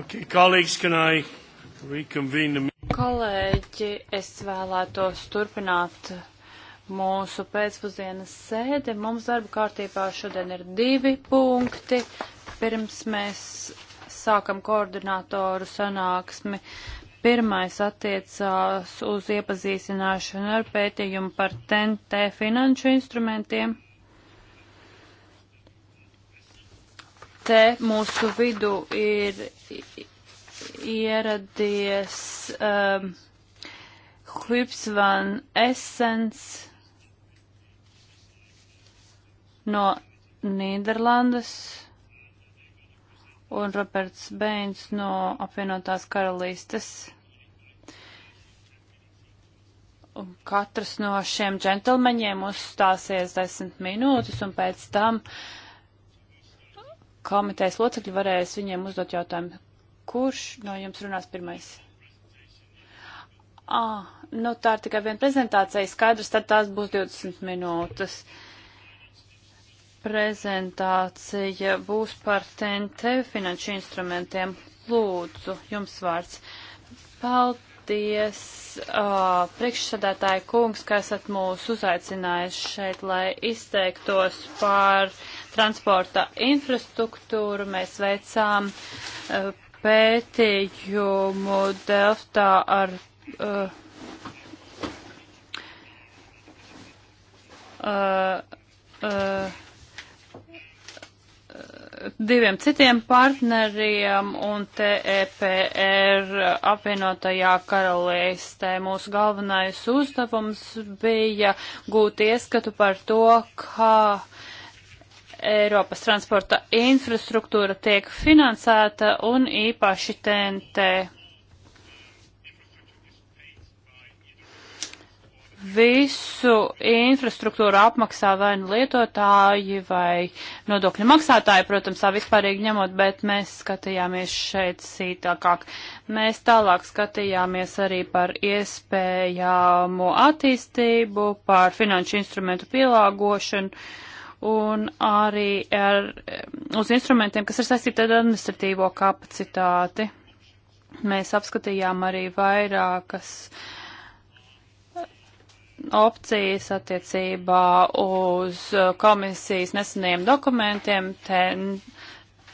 Okay, colleagues, can I reconvene the meeting? Kolēģi, es vēlētos turpināt mūsu pēcpusdienas sēdi. Mums darba kārtībā šodien ir divi punkti. Pirms mēs sākam koordinātoru sanāksmi. Pirmais attiecās uz iepazīstināšanu ar pētījumu par TNT finanšu instrumentiem. te mūsu vidu ir ieradies um, Hlips van Essens no Nīderlandes un Roberts Beins no apvienotās karalistes. Un katrs no šiem džentelmeņiem uzstāsies desmit minūtes, un pēc tam uh, komitejas locekļi varēs viņiem uzdot jautājumu, kurš no jums runās pirmais? Ā, ah, nu tā ir tikai viena prezentācija, skaidrs, tad tās būs 20 minūtes. Prezentācija būs par TNT finanšu instrumentiem. Lūdzu, jums vārds. Paldies, uh, priekšsādātāja kungs, ka esat mūs uzaicinājis šeit, lai izteiktos par uh, transporta infrastruktūru. Mēs veicām uh, pētījumu Delftā ar. Uh, uh, uh, diviem citiem partneriem un TEPR apvienotajā karalīstē. Mūsu galvenais uzdevums bija gūt ieskatu par to, kā Eiropas transporta infrastruktūra tiek finansēta un īpaši TNT. Visu infrastruktūru apmaksā vai nu lietotāji vai nodokļu maksātāji, protams, tā vispārīgi ņemot, bet mēs skatījāmies šeit sītākāk. Mēs tālāk skatījāmies arī par iespējāmu attīstību, par finanšu instrumentu pielāgošanu un arī ar, uz instrumentiem, kas ir saistīti ar administratīvo kapacitāti. Mēs apskatījām arī vairākas eh, opcijas attiecībā uz eh, komisijas neseniem dokumentiem, te,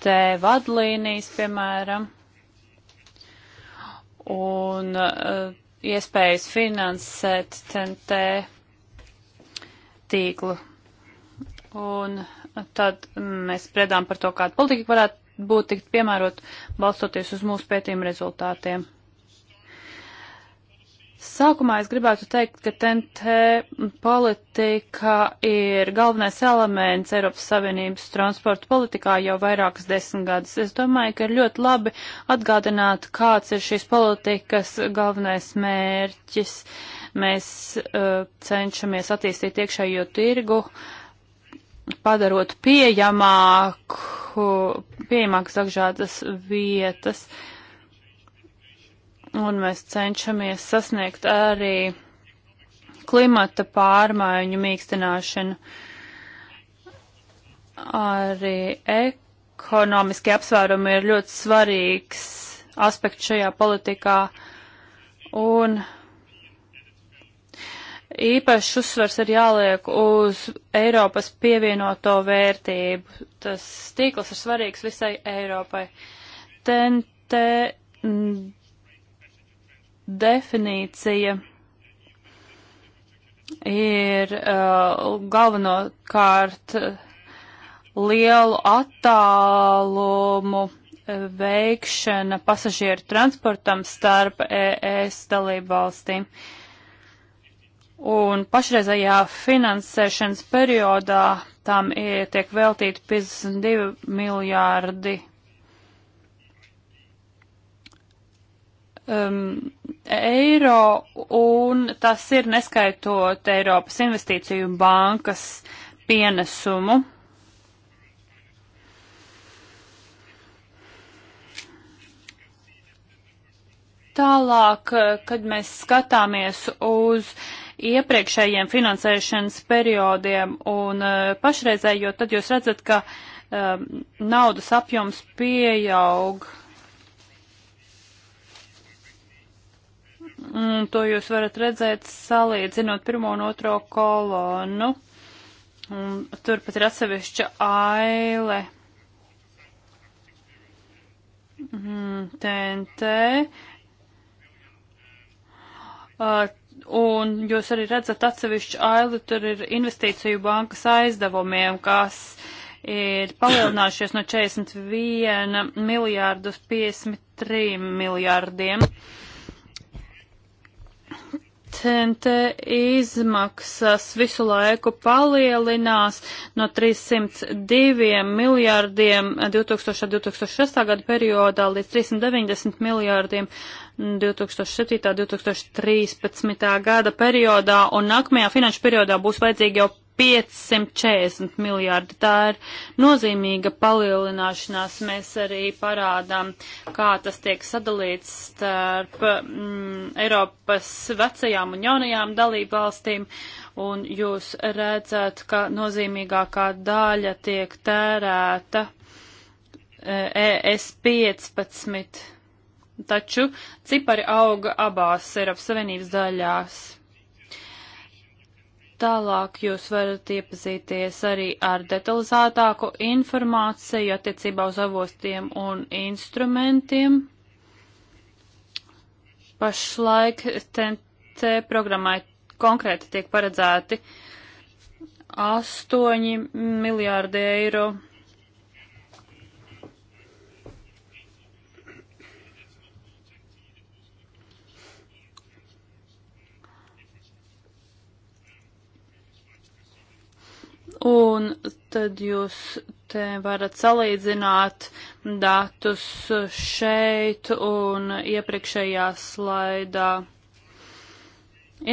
te vadlīnijas, piemēram, un uh, iespējas finansēt TNT tīklu Un tad mēs spredām par to, kāda politika varētu būt tikt piemērot, balstoties uz mūsu pētījumu rezultātiem. Sākumā es gribētu teikt, ka TNT politika ir galvenais elements Eiropas Savienības transporta politikā jau vairākas desmitgadus. Es domāju, ka ir ļoti labi atgādināt, kāds ir šīs politikas galvenais mērķis. Mēs uh, cenšamies attīstīt iekšējo tirgu, uh, padarot pieejamāku, pieejamākas dažādas vietas. Un mēs cenšamies sasniegt arī klimata pārmaiņu mīkstināšanu, arī ekonomiski apsvērumi ir ļoti svarīgs aspekts šajā politikā. Un īpašs uzsvars ir jāliek uz Eiropas pievienoto vērtību. Tas tīkls ir svarīgs visai Eiropai. TNT definīcija ir uh, galvenokārt lielu attālumu veikšana pasažieru transportam starp ES dalību valstīm. Uh, un pašreizajā finansēšanas periodā tam ir, tiek veltīti 52 miljārdi um, eiro, un tas ir neskaitot Eiropas investīciju bankas pienesumu. Tālāk, kad mēs skatāmies uz uh, iepriekšējiem finansēšanas periodiem un e, pašreizējo, tad jūs redzat, ka um, naudas apjoms pieaug. Un to jūs varat redzēt salīdzinot pirmo un otro kolonu. Un tur pat ir atsevišķa aile. TNT. Mhm, uh, Un jūs arī redzat atsevišķu ailu, tur ir investīciju bankas aizdevumiem, kas ir palielinājušies no 41 miljārdus 53 miljārdiem. Uh, TNT izmaksas visu laiku palielinās no 302 miljārdiem 2000-2006. gada periodā līdz 390 miljārdiem 2007-2013. gada periodā, un nākamajā finanšu periodā būs vajadzīgi jau 540 miljārdi. Tā ir nozīmīga palielināšanās. Mēs arī parādām, kā tas tiek sadalīts starp mm, Eiropas vecajām un jaunajām dalību valstīm. Un jūs redzat, ka nozīmīgākā daļa tiek tērēta ES e 15. Taču cipari auga abās Eiropas Savienības daļās. Tālāk jūs varat iepazīties arī ar detalizētāku informāciju attiecībā uz avostiem un instrumentiem. Pašlaik TNT programmai konkrēti tiek paredzēti 8 miljārdi eiro Un tad jūs te varat salīdzināt datus šeit un iepriekšējā slaidā.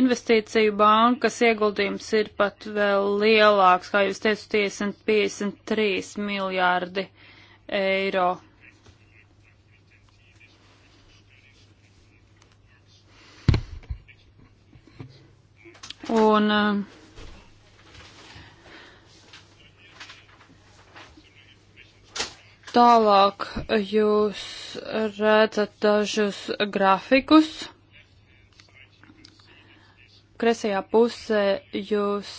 Investīciju bankas ieguldījums ir pat vēl lielāks, kā jūs teicu, 53 miljārdi eiro. Un uh, Tālāk jūs redzat dažus grafikus. Kresajā pusē jūs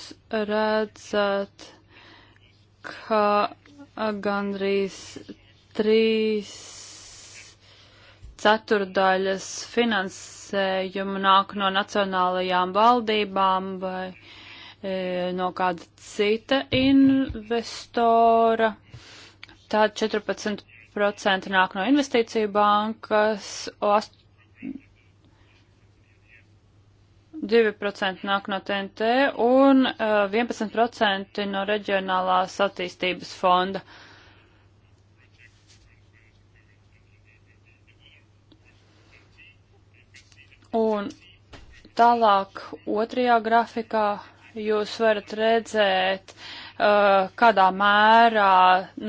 redzat, ka gandrīz trīs ceturdaļas finansējumu nāk no nacionālajām valdībām vai e, no kāda cita investora tad 14% nāk no investīciju bankas, 2% nāk no TNT un 11% eh, no reģionālās attīstības fonda. Un tālāk otrajā grafikā jūs varat redzēt uh, Eh, kādā mērā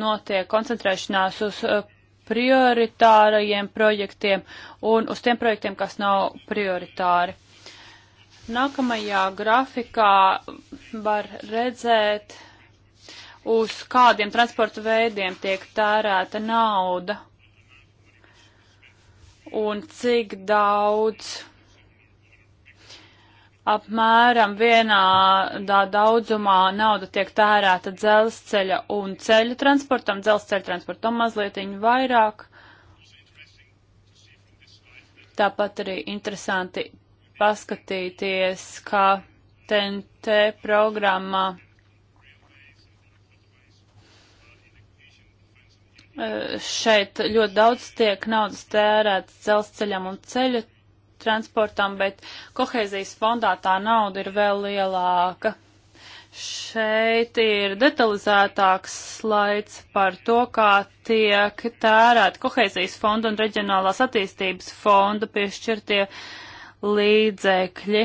notiek koncentrēšanās uz eh, prioritārajiem projektiem un uz tiem projektiem, kas nav prioritāri. Nākamajā grafikā var redzēt, uz kādiem transporta veidiem tiek tērēta nauda un cik daudz apmēram vienā daudzumā nauda tiek tērēta dzelzceļa un ceļu transportam, dzelzceļa transportam mazlietiņu vairāk. Tāpat arī interesanti paskatīties, kā TNT programmā e, šeit ļoti daudz tiek naudas tērēts dzelzceļam un ceļu transportam, bet kohēzijas fondā tā nauda ir vēl lielāka. Šeit ir detalizētāks slaids par to, kā tiek tērēt kohēzijas fonda un reģionālās attīstības fonda piešķirtie līdzekļi.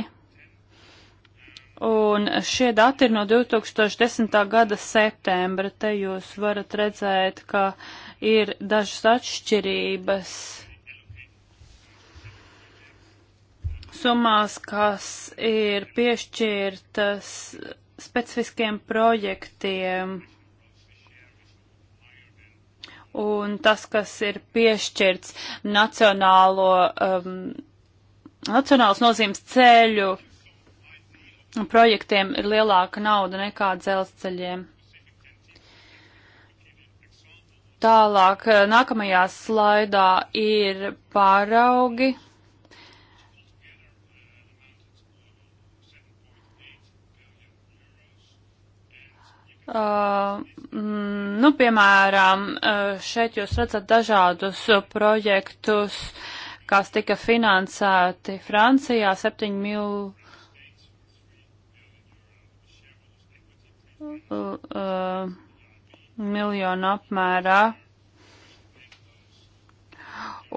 Un šie dati ir no 2010. gada septembra. Te jūs varat redzēt, ka ir dažas atšķirības summās, kas ir piešķirtas specifiskiem projektiem. Un tas, kas ir piešķirts nacionālo, um, nacionāls nozīmes ceļu projektiem, ir lielāka nauda nekā dzelzceļiem. Tālāk, nākamajā slaidā ir pāraugi. Uh, mm, nu, piemēram, uh, šeit jūs redzat dažādus projektus, kas tika finansēti Francijā 7 mil. Uh, miljonu apmērā.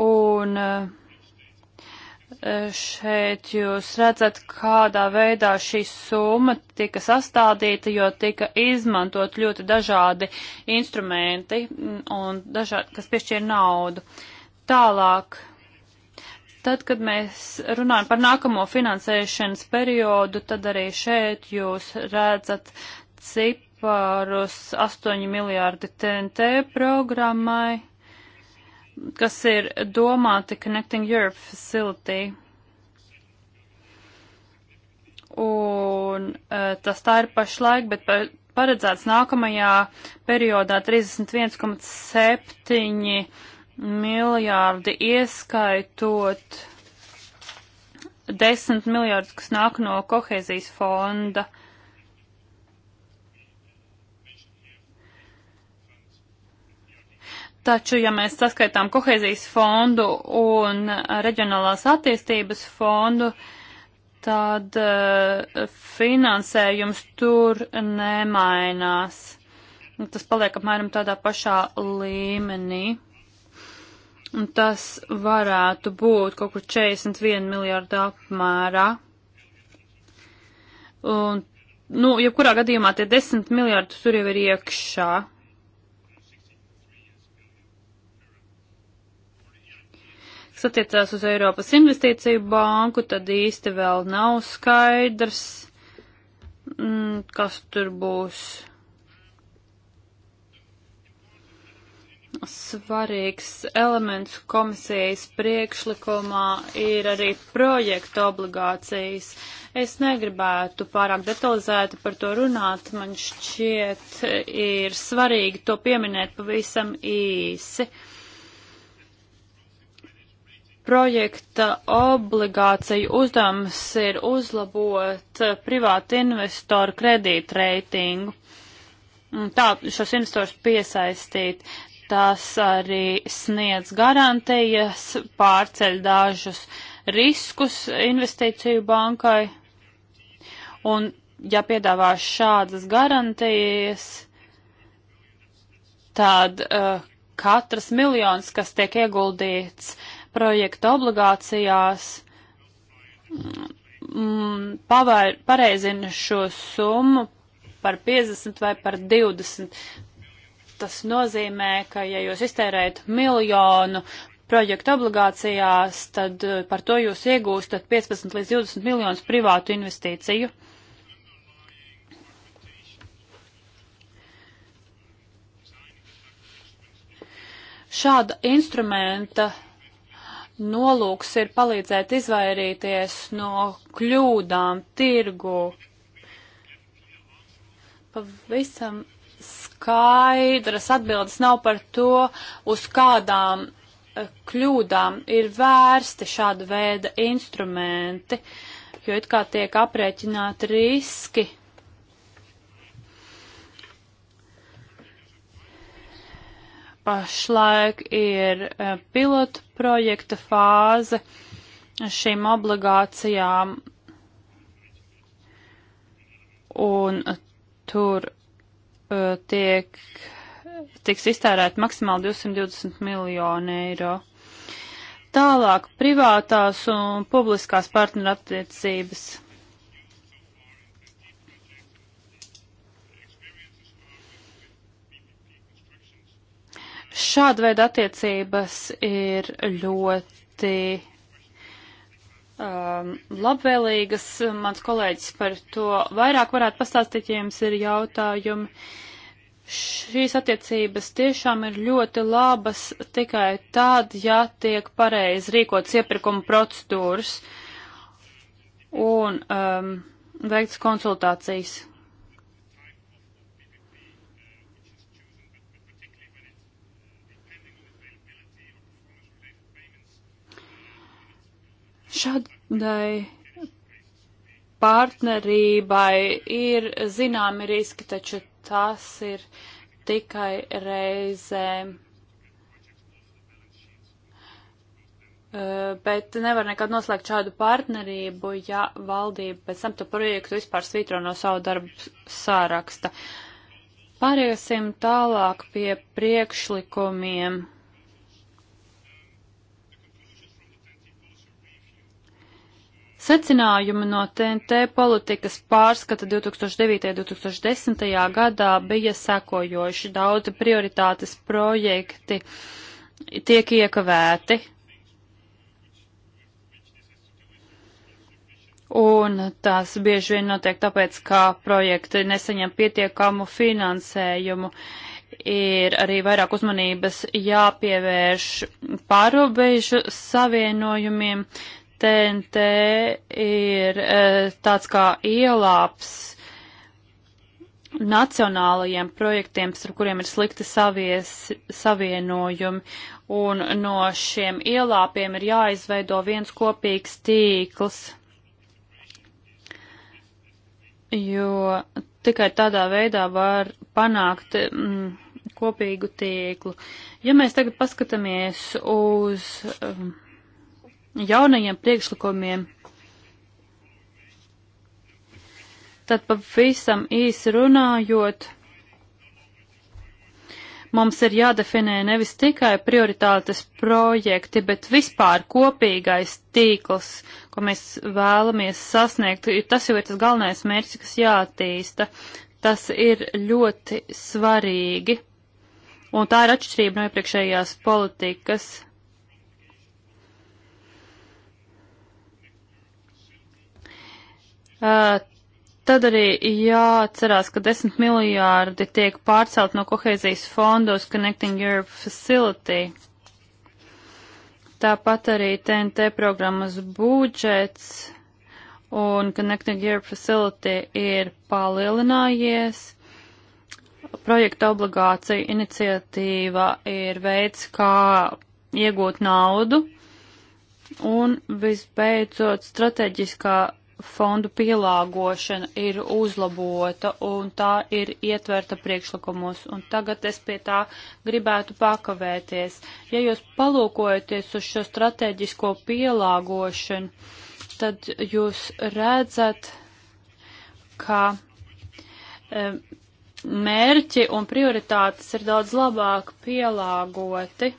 Un uh, Eh, šeit jūs redzat, kādā veidā šī summa tika sastādīta, jo tika izmantot ļoti dažādi instrumenti, un dažādi, kas piešķīra naudu. Tālāk, tad, kad mēs runājam par nākamo finansēšanas periodu, tad arī šeit jūs redzat ciparus 8 miljārdi TNT programmai kas ir domāti Connecting Europe Facility. Un e, tas tā ir pašlaik, bet paredzēts nākamajā periodā 31,7 miljārdi ieskaitot 10 miljārdus, kas nāk no kohēzijas fonda. Uh, Taču, ja mēs saskaitām kohēzijas fondu un reģionālās attīstības fondu, tad uh, finansējums tur nemainās. Nu, tas paliek apmēram tādā pašā līmenī. Un tas varētu būt kaut kur 41 miljārdu apmērā. Un, nu, jebkurā gadījumā tie 10 miljārdi tur jau ir iekšā. Kas attiecās uz Eiropas investīciju banku, tad īsti vēl nav skaidrs, mm, kas tur būs. Svarīgs elements komisijas priekšlikumā ir arī projekta obligācijas. Es negribētu pārāk detalizēti par to runāt, man šķiet ir svarīgi to pieminēt pavisam īsi. Uh, Projekta obligācija uzdevums ir uzlabot eh, privātu investoru kredītreitingu. Tā šos investors piesaistīt. Tas arī sniedz garantijas, pārceļ dažus riskus investīciju bankai. Un, ja piedāvā šādas garantijas, tad uh, katrs miljons, kas tiek ieguldīts uh, projekta obligācijās mm, mm pavair, pareizina šo summu par 50 vai par 20. Tas nozīmē, ka ja jūs iztērējat miljonu projektu obligācijās, tad eh, par to jūs iegūstat 15 līdz 20 miljonus privātu investīciju. Šāda instrumenta nolūks ir palīdzēt izvairīties no kļūdām tirgu. Pavisam skaidras atbildes nav par to, uz kādām eh, kļūdām ir vērsti šāda veida instrumenti, jo it kā tiek aprēķināti riski pašlaik ir eh, pilotu projekta fāze šīm obligācijām, un tur eh, tiek, tiks iztērēt maksimāli 220 miljoni eiro. Tālāk privātās un publiskās partnerattiecības. Šāda veida attiecības ir ļoti um, labvēlīgas. Mans kolēģis par to vairāk varētu pastāstīt, ja jums ir jautājumi. Šīs attiecības tiešām ir ļoti labas tikai tad, ja tiek pareizi rīkots iepirkuma procedūras un um, veikts konsultācijas. Šādai partnerībai ir zināmi riski, taču tas ir tikai reizēm. Eh, bet nevar nekad noslēgt šādu partnerību, ja valdība pēc tam to projektu vispār svītro no savu darbu sāraksta. Pāriesim tālāk pie priekšlikumiem Secinājumi no TNT politikas pārskata 2009.-2010. gadā bija sekojoši. Daudzi prioritātes projekti tiek iekavēti. Un tās bieži vien notiek tāpēc, ka projekti nesaņem pietiekamu finansējumu. Ir arī vairāk uzmanības jāpievērš pārobežu savienojumiem, TNT ir eh, tāds kā ielāps nacionālajiem projektiem, ar kuriem ir slikti savies, savienojumi, un no šiem ielāpiem ir jāizveido viens kopīgs tīkls, jo tikai tādā veidā var panākt mm, kopīgu tīklu. Ja mēs tagad paskatāmies uz mm, jaunajiem priekšlikumiem, tad pavisam īsi runājot, mums ir jādefinē nevis tikai prioritātes projekti, bet vispār kopīgais tīkls, ko mēs vēlamies sasniegt. Tas jau ir tas galvenais mērķis, kas jātīsta. Tas ir ļoti svarīgi. Un tā ir atšķirība no iepriekšējās politikas. Eh, tad arī jāatcerās, ka 10 miljārdi tiek pārcelt no kohēzijas fonda uz Connecting Europe Facility. Tāpat arī TNT programmas budžets un Connecting Europe Facility ir palielinājies. Projekta obligācija iniciatīva ir veids, kā iegūt naudu. Un visbeidzot, strateģiskā fondu pielāgošana ir uzlabota un tā ir ietverta priekšlikumos. Un tagad es pie tā gribētu pakavēties. Ja jūs palūkojaties uz šo strateģisko pielāgošanu, tad jūs redzat, ka e, mērķi un prioritātes ir daudz labāk pielāgoti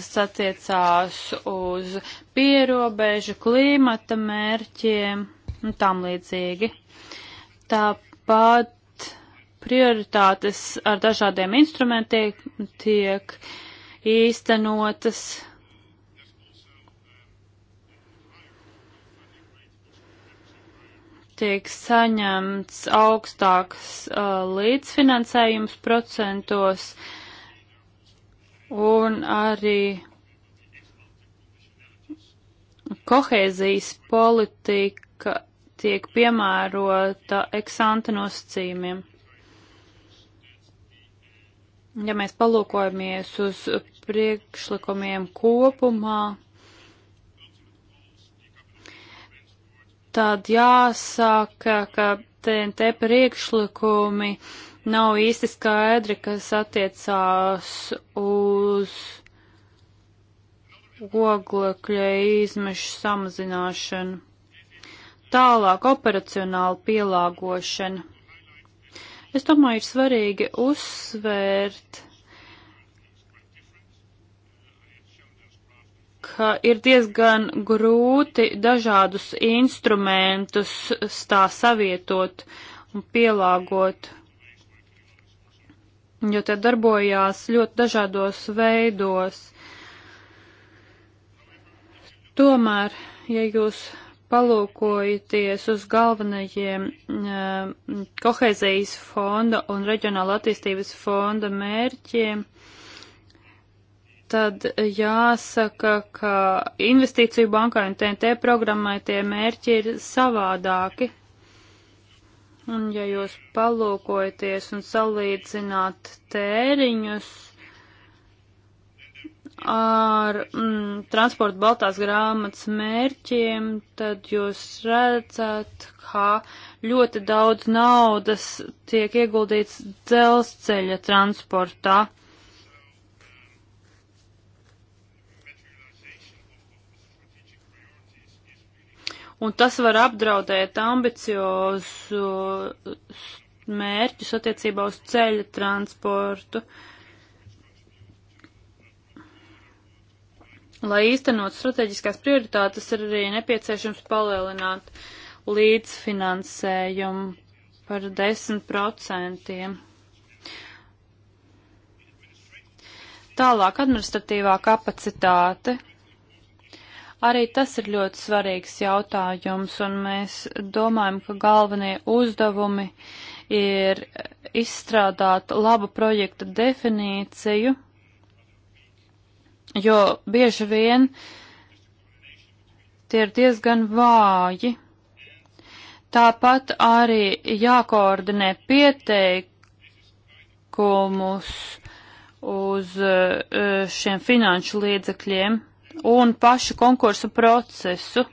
tas attiecās uz pierobežu, klimata mērķiem un tam līdzīgi. Tāpat prioritātes ar dažādiem instrumentiem tiek īstenotas. Tiek saņemts augstāks uh, līdzfinansējums procentos. Uh, un arī kohēzijas politika tiek piemērota eksanta nosacījumiem. Ja mēs palūkojamies uz priekšlikumiem kopumā, tad jāsaka, ka TNT priekšlikumi uh, nav īsti skaidri, kas attiecās uz oglekļa izmešu samazināšanu. Tālāk operacionāla pielāgošana. Es domāju, ir svarīgi uzsvērt, ka ir diezgan grūti dažādus instrumentus tā savietot un pielāgot jo te darbojās ļoti dažādos veidos. Tomēr, ja jūs palūkojaties uz galvenajiem uh, kohēzijas fonda un reģionāla attīstības fonda mērķiem, tad jāsaka, ka investīciju bankai un TNT programmai tie mērķi ir savādāki. Un ja jūs palūkojaties un salīdzināt tēriņus ar mm, transporta baltās grāmatas mērķiem, tad jūs redzat, kā ļoti daudz naudas tiek ieguldīts dzelzceļa transportā. un tas var apdraudēt ambiciozu mērķus attiecībā uz ceļa transportu. Lai īstenot strateģiskās prioritātes, ir arī nepieciešams palielināt līdzfinansējumu par 10%. Tālāk administratīvā kapacitāte Arī tas ir ļoti svarīgs jautājums, un mēs domājam, ka galvenie uzdevumi ir izstrādāt labu projekta definīciju, jo bieži vien tie ir diezgan vāji. Tāpat arī jākoordinē pieteikumus uz eh, šiem finanšu līdzekļiem un pašu konkursu procesu.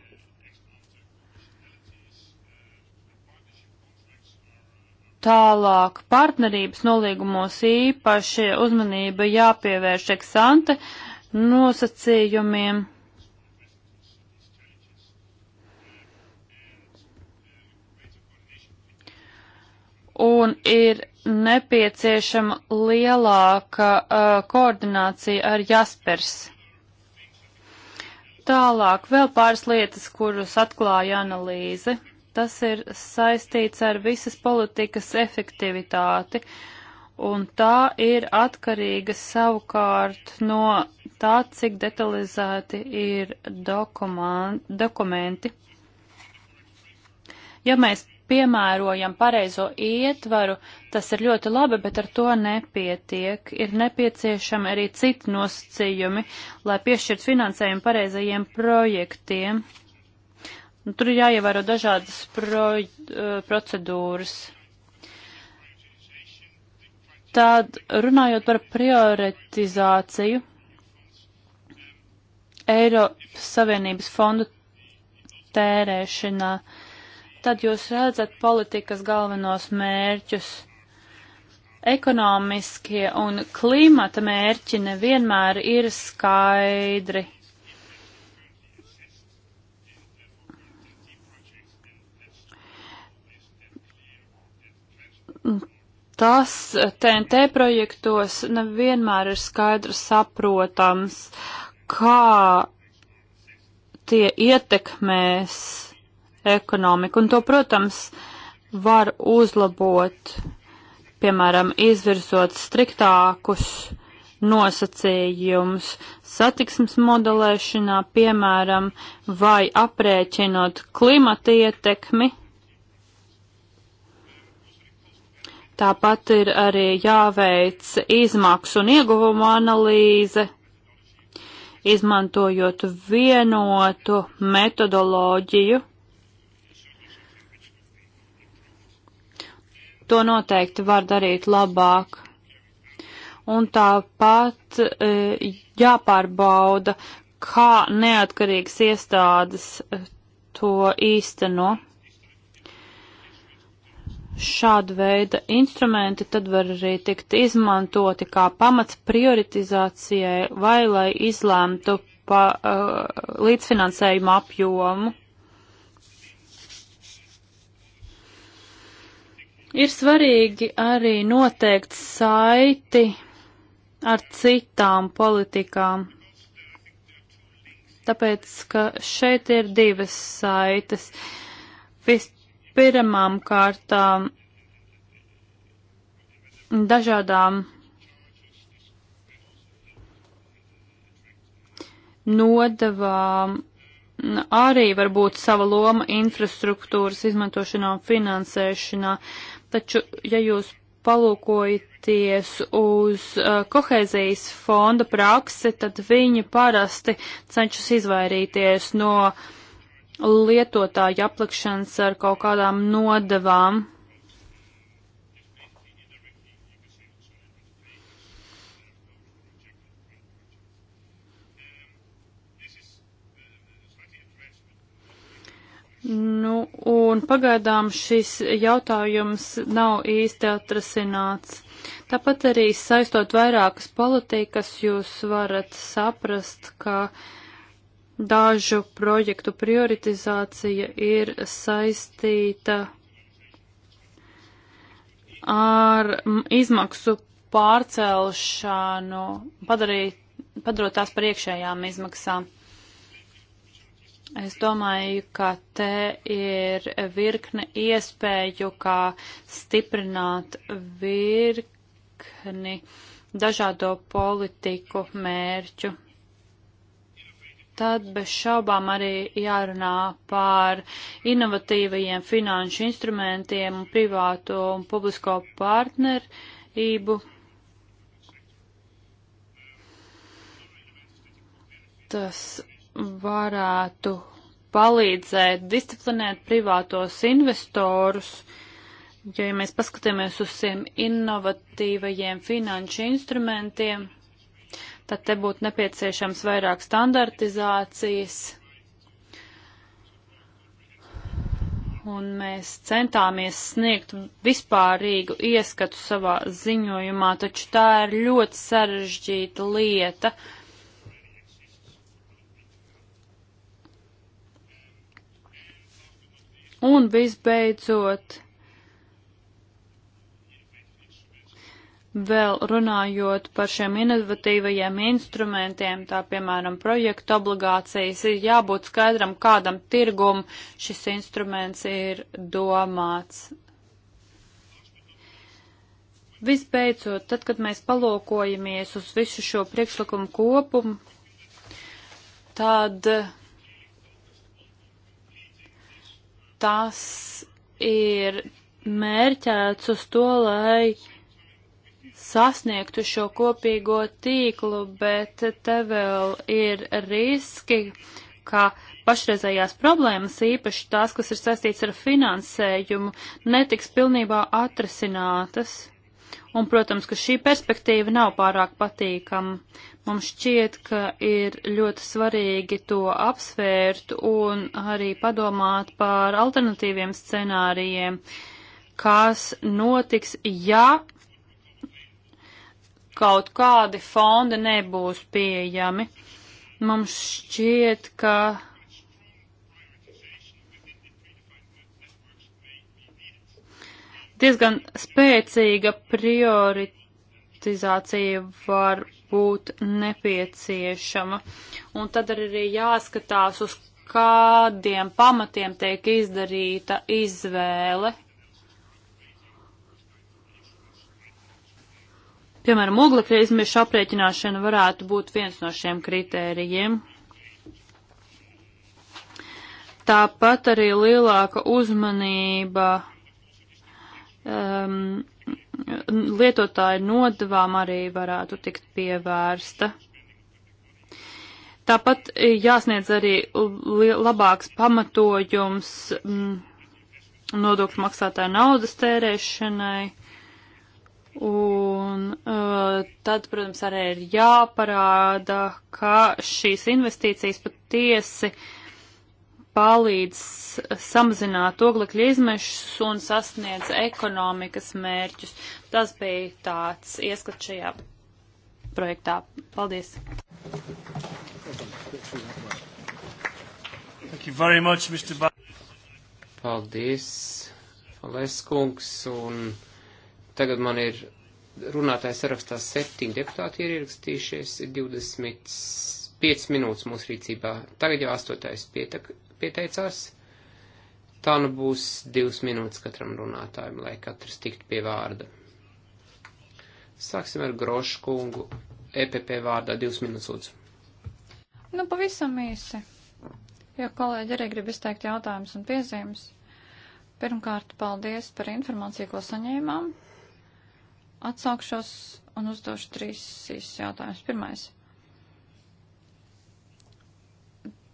Tālāk partnerības nolīgumos īpaši uzmanība jāpievērš eksante nosacījumiem. Un ir nepieciešama lielāka uh, koordinācija ar Jaspers. Tālāk vēl pāris lietas, kuras atklāja analīze. Tas ir saistīts ar visas politikas efektivitāti, un tā ir atkarīga savukārt no tā, cik detalizēti ir dokumenti. Ja mēs piemērojam pareizo ietvaru, tas ir ļoti labi, bet ar to nepietiek. Ir nepieciešami arī citi nosacījumi, lai piešķirt finansējumu pareizajiem projektiem. Un nu, tur ir jāievēro dažādas pro, eh, procedūras. Tad runājot par prioritizāciju, Eiropas Savienības fondu tērēšanā. Uh, tad jūs redzat politikas galvenos mērķus. Ekonomiskie un klimata mērķi nevienmēr ir skaidri. Tas TNT projektos nevienmēr ir skaidri saprotams, kā tie ietekmēs ekonomiku. Un to, protams, var uzlabot, piemēram, izvirzot striktākus nosacījumus satiksmes modelēšanā, piemēram, vai aprēķinot klimata ietekmi. Tāpat ir arī jāveic izmaksu un ieguvumu analīze, izmantojot vienotu metodoloģiju To noteikti var darīt labāk. Un tāpat e, jāpārbauda, kā neatkarīgas iestādes e, to īsteno. Šāda veida instrumenti tad var arī tikt izmantoti kā pamats prioritizācijai vai lai izlēmtu pa, uh, līdzfinansējumu apjomu. Ir svarīgi arī noteikt saiti ar citām politikām, tāpēc, ka šeit ir divas saites. Vispirmām kārtām dažādām nodavām arī var būt sava loma infrastruktūras izmantošanā un finansēšanā. Uh, Taču, ja jūs palūkojaties uz uh, kohēzijas fonda praksi, tad viņi parasti cenšas izvairīties no lietotāju aplikšanas ar kaut kādām nodevām. Nu, un pagaidām šis jautājums nav īsti atrasināts. Tāpat arī saistot vairākas politikas, jūs varat saprast, ka dažu projektu prioritizācija ir saistīta ar izmaksu pārcelšanu, padarīt, padarot tās par iekšējām izmaksām. Es domāju, ka te ir virkne iespēju, kā stiprināt virkni dažādo politiku mērķu. Tad bez šaubām arī jārunā par inovatīvajiem finanšu instrumentiem un privāto un publisko partnerību. Tas varētu palīdzēt disciplinēt privātos investorus, jo, ja mēs paskatāmies uz šiem innovatīvajiem finanšu instrumentiem, tad te būtu nepieciešams vairāk standartizācijas. Un mēs centāmies sniegt vispārīgu ieskatu savā ziņojumā, taču tā ir ļoti sarežģīta lieta. Uh, Un visbeidzot, vēl runājot par šiem inovatīvajiem instrumentiem, tā piemēram projektu obligācijas, ir jābūt skaidram, kādam tirgum šis instruments ir domāts. Visbeidzot, tad, kad mēs palūkojamies uz visu šo priekšlikumu kopumu, tad uh, tas ir mērķēts uz to, lai sasniegtu šo kopīgo tīklu, bet te vēl ir riski, ka pašreizējās problēmas, īpaši tās, kas ir saistīts ar finansējumu, netiks pilnībā atrisinātas. Un, protams, ka šī perspektīva nav pārāk patīkama. Mums šķiet, ka ir ļoti svarīgi to apsvērt un arī padomāt par alternatīviem scenārijiem, kas notiks, ja kaut kādi fondi nebūs pieejami. Mums šķiet, ka diezgan spēcīga prioritizācija var būt nepieciešama. Un tad arī jāskatās, uz kādiem pamatiem tiek izdarīta izvēle. Piemēram, oglekļa izmeša aprēķināšana varētu būt viens no šiem kritērijiem. Tāpat arī lielāka uzmanība um, lietotāju nodavām arī varētu tikt pievērsta. Tāpat jāsniedz arī labāks pamatojums mm, nodokļu maksātāju naudas tērēšanai. Un uh, tad, protams, arī ir jāparāda, ka šīs investīcijas patiesi uh, palīdz samazināt oglekļa izmešus un sasniedz ekonomikas mērķus. Tas bija tāds ieskats šajā projektā. Paldies! Much, Paldies, Leskungs, un tagad man ir runātājs sarakstā septiņi deputāti ir ierakstījušies, ir 25 minūtes mūsu rīcībā. Tagad jau astotais pietek, pieteicās. Tā nu būs divas minūtes katram runātājam, lai katrs tikt pie vārda. Sāksim ar Grošu kungu, EPP vārdā divas minūtes lūdzu. Nu, pavisam īsi, jo kolēģi arī grib izteikt jautājumus un piezīmes. Pirmkārt, paldies par informāciju, ko saņēmām. Atsaukšos un uzdošu trīs jautājumus. Pirmais.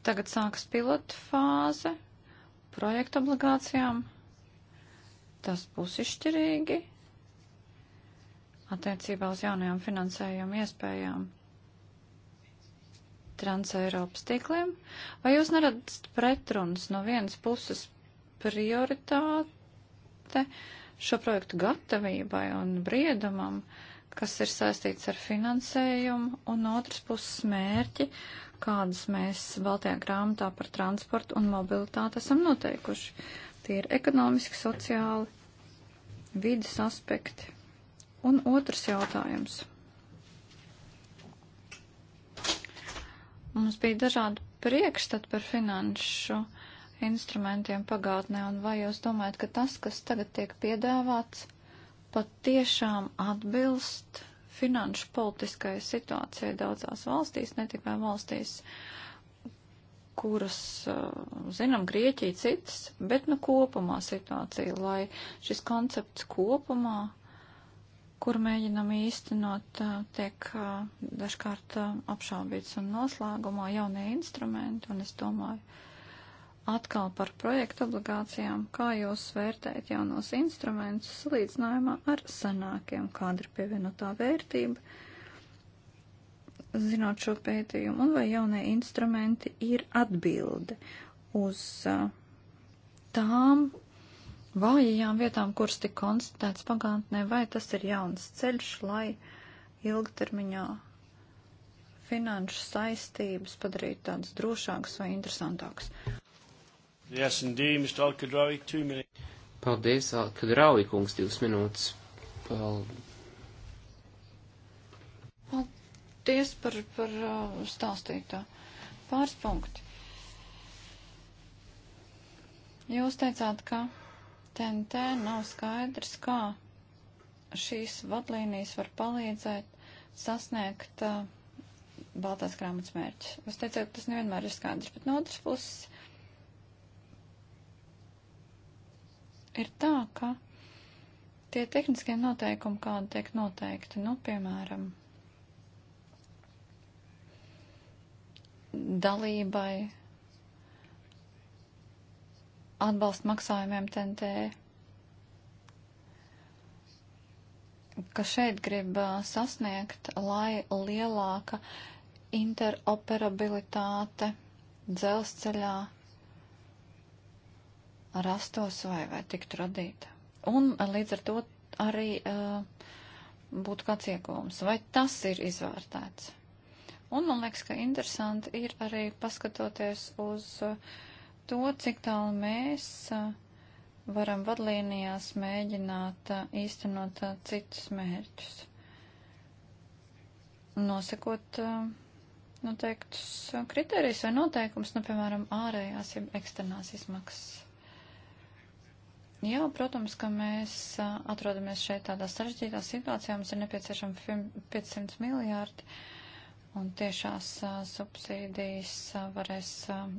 Tagad sāks pilota fāze projekta obligācijām. Tas būs izšķirīgi attiecībā uz jaunajām finansējuma iespējām transeiropas tīkliem. Vai jūs neredzat pretrunas no vienas puses prioritāte šo projektu gatavībai un briedumam, kas ir saistīts ar finansējumu, un otrs puses mērķi, kādus mēs Baltajā grāmatā par transportu un mobilitāti esam noteikuši. Tie ir ekonomiski, sociāli, vidas aspekti. Un otrs jautājums. Mums bija dažādi priekšstati par finanšu instrumentiem pagātnē, un vai jūs domājat, ka tas, kas tagad tiek piedāvāts, patiešām atbilst finanšu politiskai situācijai daudzās valstīs, ne tikai valstīs, kuras, uh, zinām, Grieķija citas, bet nu kopumā situācija, lai šis koncepts kopumā, kur mēģinam īstenot, uh, tiek uh, dažkārt apšaubīts un noslēgumā jaunie instrumenti, un es domāju, Atkal par projektu obligācijām, kā jūs vērtējat jaunos instrumentus salīdzinājumā ar senākiem, kāda ir pievienotā vērtība, zinot šo pētījumu, un vai jaunie instrumenti ir atbilde uz uh, tām vājajām vietām, kuras tika konstatēts pagātnē, vai tas ir jauns ceļš, lai ilgtermiņā finanšu saistības padarītu tādas drošākas vai interesantākas. Yes, indeed, Mr. Alkadrawi, two minutes. Paldies, Alkadrawi, kungs, divas minūtes. Paldies. Paldies par, par uh, stāstītā. Pāris punkti. Jūs teicāt, ka TNT nav skaidrs, kā šīs vadlīnijas var palīdzēt sasniegt uh, Baltās grāmatas mērķus. Es teicu, ka tas nevienmēr ir skaidrs, bet no otras puses ir tā, ka tie tehniskie noteikumi, kādi tiek noteikti, nu, piemēram, dalībai, atbalsta maksājumiem TNT, ka šeit grib sasniegt, lai lielāka interoperabilitāte dzelzceļā rastos vai, vai tiktu radīta. Un eh, līdz ar to arī uh, būtu kāds iegūms. Vai tas ir izvērtēts? Un man liekas, ka interesanti ir arī paskatoties uz eh, to, cik tālu mēs varam vadlīnijās mēģināt īstenot citus mērķus. Nosekot noteiktus kriterijus vai noteikumus, nu, piemēram, ārējās, ja eksternās izmaksas. Jā, protams, ka mēs atrodamies šeit tādā sarežģītā situācijā. Mums ir nepieciešama 500 miljārdi, un tiešās subsīdijas varēs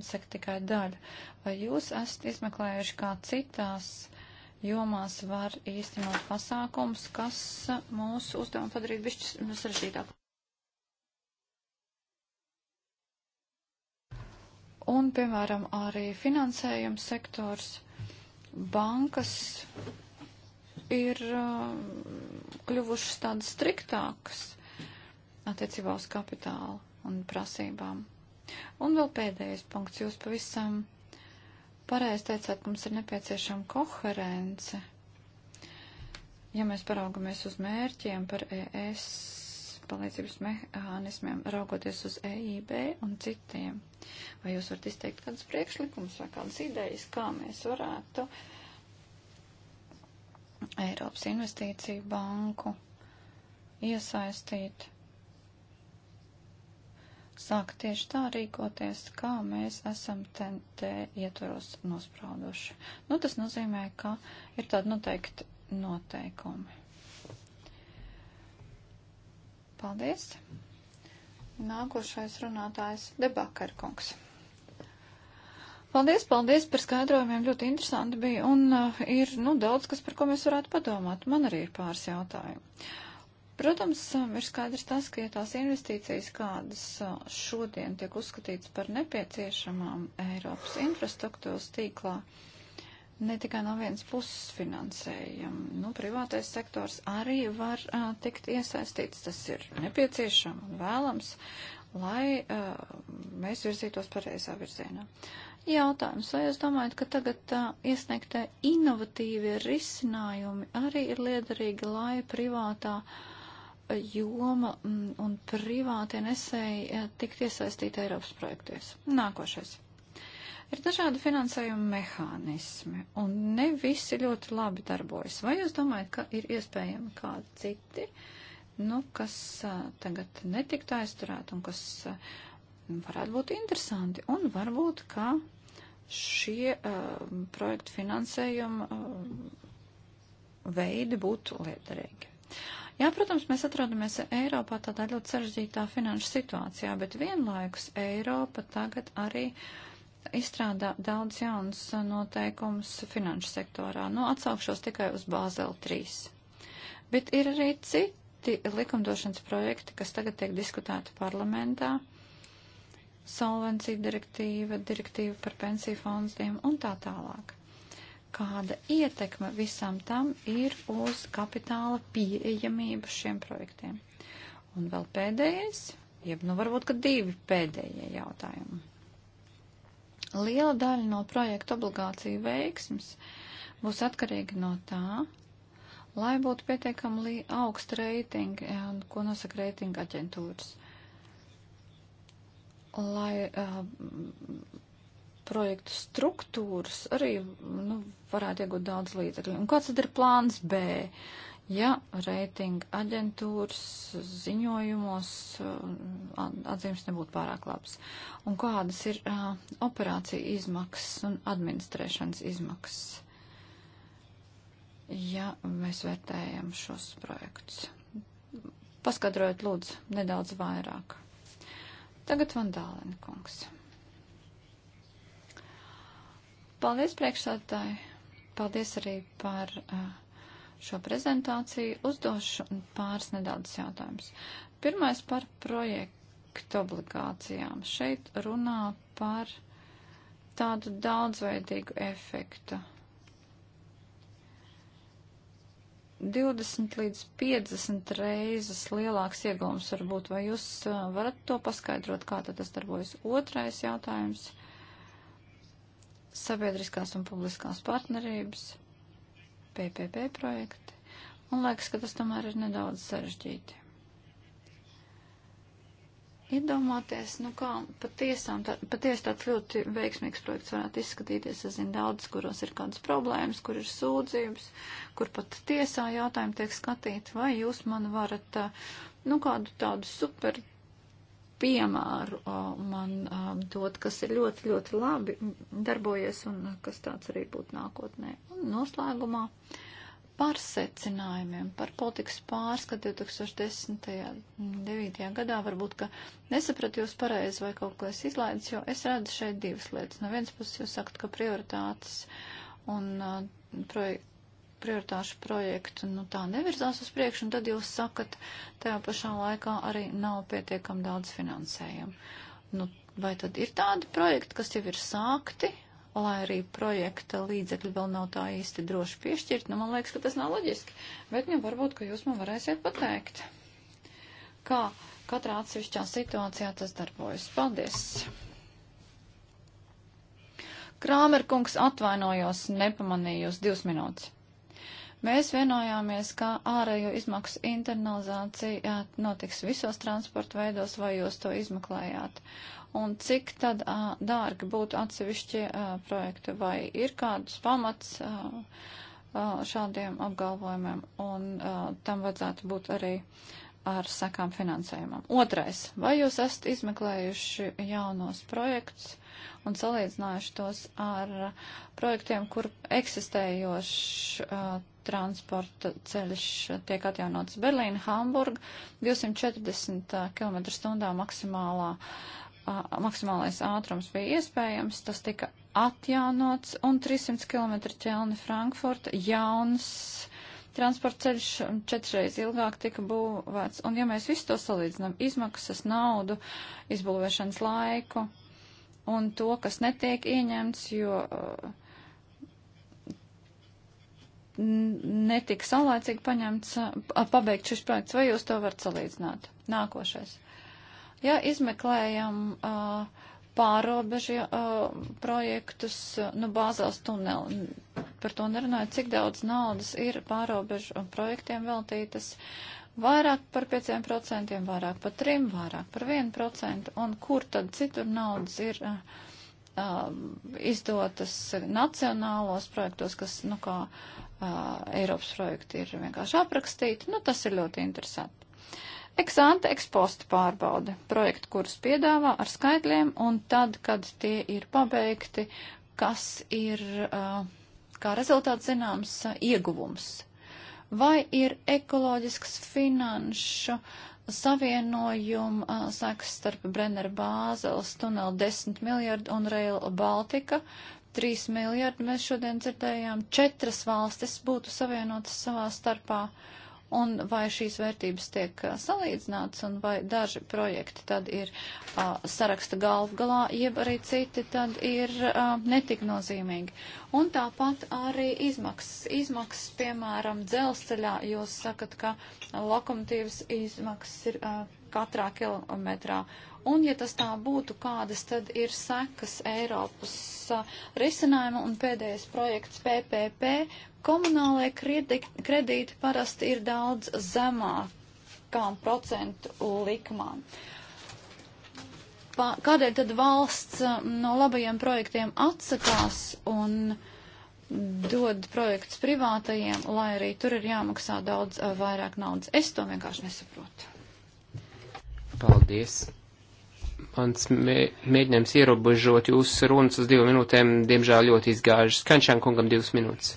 sekt tikai daļu. Vai jūs esat izmeklējuši, kā citās jomās var īstenot pasākums, kas mūsu uzdevumu padarītu bišķi sarežģītāku? Un, piemēram, arī finansējums sektors. Uh, bankas ir uh, kļuvušas tādas striktākas attiecībā uz kapitālu un prasībām. Un vēl pēdējais punkts. Jūs pavisam pareizi teicāt, ka mums ir nepieciešama koherence. Ja mēs paraugamies uz mērķiem par ES palīdzības mehānismiem, raugoties uz EIB un citiem? Vai jūs varat izteikt kādus priekšlikumus vai kādas idejas, kā mēs varētu Eiropas investīciju banku iesaistīt? Sāk tieši tā rīkoties, kā mēs esam TNT ietvaros nosprauduši. Nu, tas nozīmē, ka ir tādi noteikti noteikumi Paldies. Nākošais runātājs Debakarkungs. Paldies, paldies par skaidrojumiem. Ļoti interesanti bija un uh, ir, nu, daudz, kas par ko mēs varētu padomāt. Man arī ir pāris jautājumi. Protams, um, ir skaidrs tas, ka ja tās investīcijas, kādas uh, šodien tiek uzskatītas par nepieciešamām Eiropas infrastruktūras tīklā, uh, ne tikai no vienas puses finansējam. Nu, privātais sektors arī var uh, tikt iesaistīts. Tas ir nepieciešams un vēlams, lai uh, mēs virzītos pareizā virzienā. Jautājums, vai jūs domājat, ka tagad uh, iesniegtie inovatīvie risinājumi arī ir liederīgi, lai privātā joma un privātie nesēji tikt iesaistīti Eiropas projektos? Nākošais. Ir dažādi finansējuma mehānismi, un ne visi ļoti labi darbojas. Vai jūs domājat, ka ir iespējami kādi citi, nu, kas uh, tagad netiktu aizturēti un kas uh, varētu būt interesanti? Un varbūt, ka šie uh, projektu finansējuma uh, veidi būtu lietderīgi. Jā, protams, mēs atrodamies Eiropā tādā ļoti sarežģītā finanšu situācijā, bet vienlaikus Eiropa tagad arī uh, izstrādā daudz jaunas uh, noteikumus finanšu sektorā. Nu, atsaukšos tikai uz Bāzeli 3. Bet ir arī citi likumdošanas projekti, kas tagad tiek diskutēti parlamentā. Solvencija direktīva, direktīva par pensiju fondiem un tā tālāk. Kāda ietekme visam tam ir uz kapitāla pieejamību šiem projektiem? Un vēl pēdējais, jeb nu varbūt, ka divi pēdējie jautājumi Liela daļa no projektu obligāciju veiksmes būs atkarīga no tā, lai būtu pietiekami augsta reitinga, eh, ko nosaka reitinga aģentūras. Lai uh, projektu struktūras arī nu, varētu iegūt daudz līdzekļu. Un kāds tad ir plāns B? Uh, Ja reitinga aģentūras ziņojumos uh, atzīmes nebūtu pārāk labs. Un kādas ir uh, operācija izmaksas un administrēšanas izmaksas, ja mēs vērtējam šos projektus? Paskatrojot lūdzu nedaudz vairāk. Tagad Vandālēna kungs. Paldies priekšsādātāji. Paldies arī par. Uh, šo prezentāciju, uzdošu pāris nedaudz jautājumus. Pirmais par projektu obligācijām. Šeit runā par tādu daudzveidīgu efektu. 20 līdz 50 reizes lielāks ieguvums var būt. Vai jūs uh, varat to paskaidrot, kā tas darbojas? Otrais jautājums - sabiedriskās un publiskās partnerības. PPP projekti, un liekas, ka tas tomēr ir nedaudz sarežģīti. Iedomāties, nu kā patiesām, tā, patiesi tāds ļoti veiksmīgs projekts varētu izskatīties. Es zinu daudz, kuros ir kādas problēmas, kur ir sūdzības, kur pat tiesā jautājumi tiek skatīti, vai jūs man varat, uh, nu kādu tādu super piemēru man dod, kas ir ļoti, ļoti labi darbojies un kas tāds arī būtu nākotnē. Un noslēgumā par secinājumiem, par politikas pārskatu 2010. 9. gadā, varbūt, ka nesapratu jūs pareizi vai kaut ko es izlaidu, jo es redzu šeit divas lietas. No vienas puses jūs sakat, ka prioritātes un uh, projekti prioritāšu projektu nu, tā nevirzās uz priekšu, un tad jūs sakat, tajā pašā laikā arī nav pietiekami daudz finansējumu. Nu, vai tad ir tādi projekti, kas jau ir sākti, lai arī projekta līdzekļi vēl nav tā īsti droši piešķirt? Nu, man liekas, ka tas nav loģiski, bet nu, varbūt, ka jūs man varēsiet pateikt, kā katrā atsevišķā situācijā tas darbojas. Paldies! Krāmerkungs atvainojos, nepamanīju jūs divas minūtes. Mēs vienojāmies, ka ārējo izmaksu internalizācija notiks visos transporta veidos, vai jūs to izmeklējāt. Un cik tad a, dārgi būtu atsevišķi a, projekti, vai ir kādus pamats a, a, šādiem apgalvojumiem, un a, tam vajadzētu būt arī ar sakām finansējumam. Otrais, vai jūs esat izmeklējuši jaunos projektus? un salīdzinājuši tos ar projektiem, kur eksistējošs uh, transporta ceļš tiek atjaunots Berlīna, Hamburga, 240 km stundā maksimālā, a, maksimālais ātrums bija iespējams, tas tika atjaunots, un 300 km ķelni Frankfurta jauns transporta ceļš četreiz ilgāk tika būvēts, un ja mēs visu to salīdzinām, izmaksas, naudu, izbūvēšanas laiku, un to, kas netiek ieņemts, jo uh, netika saulēcīgi paņemts, pabeigt šis projekts, vai jūs to varat salīdzināt? Nākošais. Ja izmeklējam uh, pārobežu uh, projektus, nu, bāzās tuneli, par to nerunāju, cik daudz naudas ir pārobežu projektiem veltītas, uh, vairāk par 5%, vairāk par 3%, vairāk par 1%, un kur tad citur naudas ir uh, izdotas nacionālos projektos, kas, nu kā, uh, Eiropas projekti ir vienkārši aprakstīti, nu tas ir ļoti interesanti. Eksante eksposta pārbauda projektu, kurus piedāvā ar skaitļiem, un tad, kad tie ir pabeigti, kas ir, kā rezultāts zināms, ieguvums vai ir ekoloģisks finanšu savienojuma saks starp Brenner bāzes tuneli 10 miljardu un Rail Baltica. 3 miljardi mēs šodien dzirdējām, četras valstis būtu savienotas savā starpā. Uh, un vai šīs vērtības tiek salīdzināts un vai daži projekti tad ir a, saraksta galvgalā, jeb arī citi tad ir a, netik nozīmīgi. Un tāpat arī izmaksas. Izmaksas, piemēram, dzelzceļā jūs sakat, ka lokomotīvas izmaksas ir. A, katrā kilometrā. Un, ja tas tā būtu, kādas tad ir sekas Eiropas risinājuma un pēdējais projekts PPP, komunālajie kredīti, kredīti parasti ir daudz zemākām procentu likmām. Pa, kādēļ tad valsts no labajiem projektiem atsakās un dod projekts privātajiem, lai arī tur ir jāmaksā daudz vairāk naudas? Es to vienkārši nesaprotu. Paldies. Mans mē, mēģinājums ierobežot jūsu runas uz divām minūtēm, diemžēl ļoti izgāžas. Kančān kungam divas minūtes.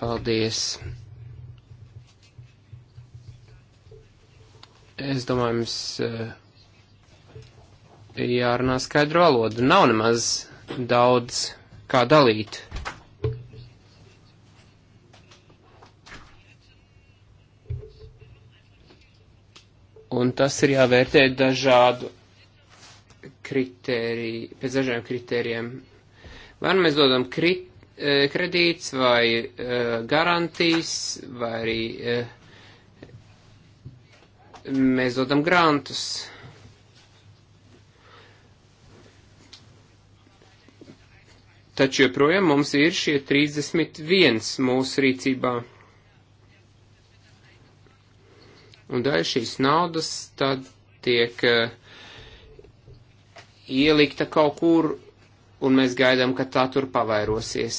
Paldies. Es domāju, mums. Uh, jārunā skaidru valodu. Nav nemaz daudz kā dalīt. Un tas ir jāvērtē dažādu kritēriju, pēc dažādiem kritērijiem. Vai nu mēs dodam krit, eh, kredīts vai eh, garantijas, vai arī eh, mēs dodam grantus. Taču joprojām mums ir šie 31 mūsu rīcībā. Un daļa šīs naudas tad tiek uh, ielikta kaut kur, un mēs gaidām, ka tā tur pavairosies.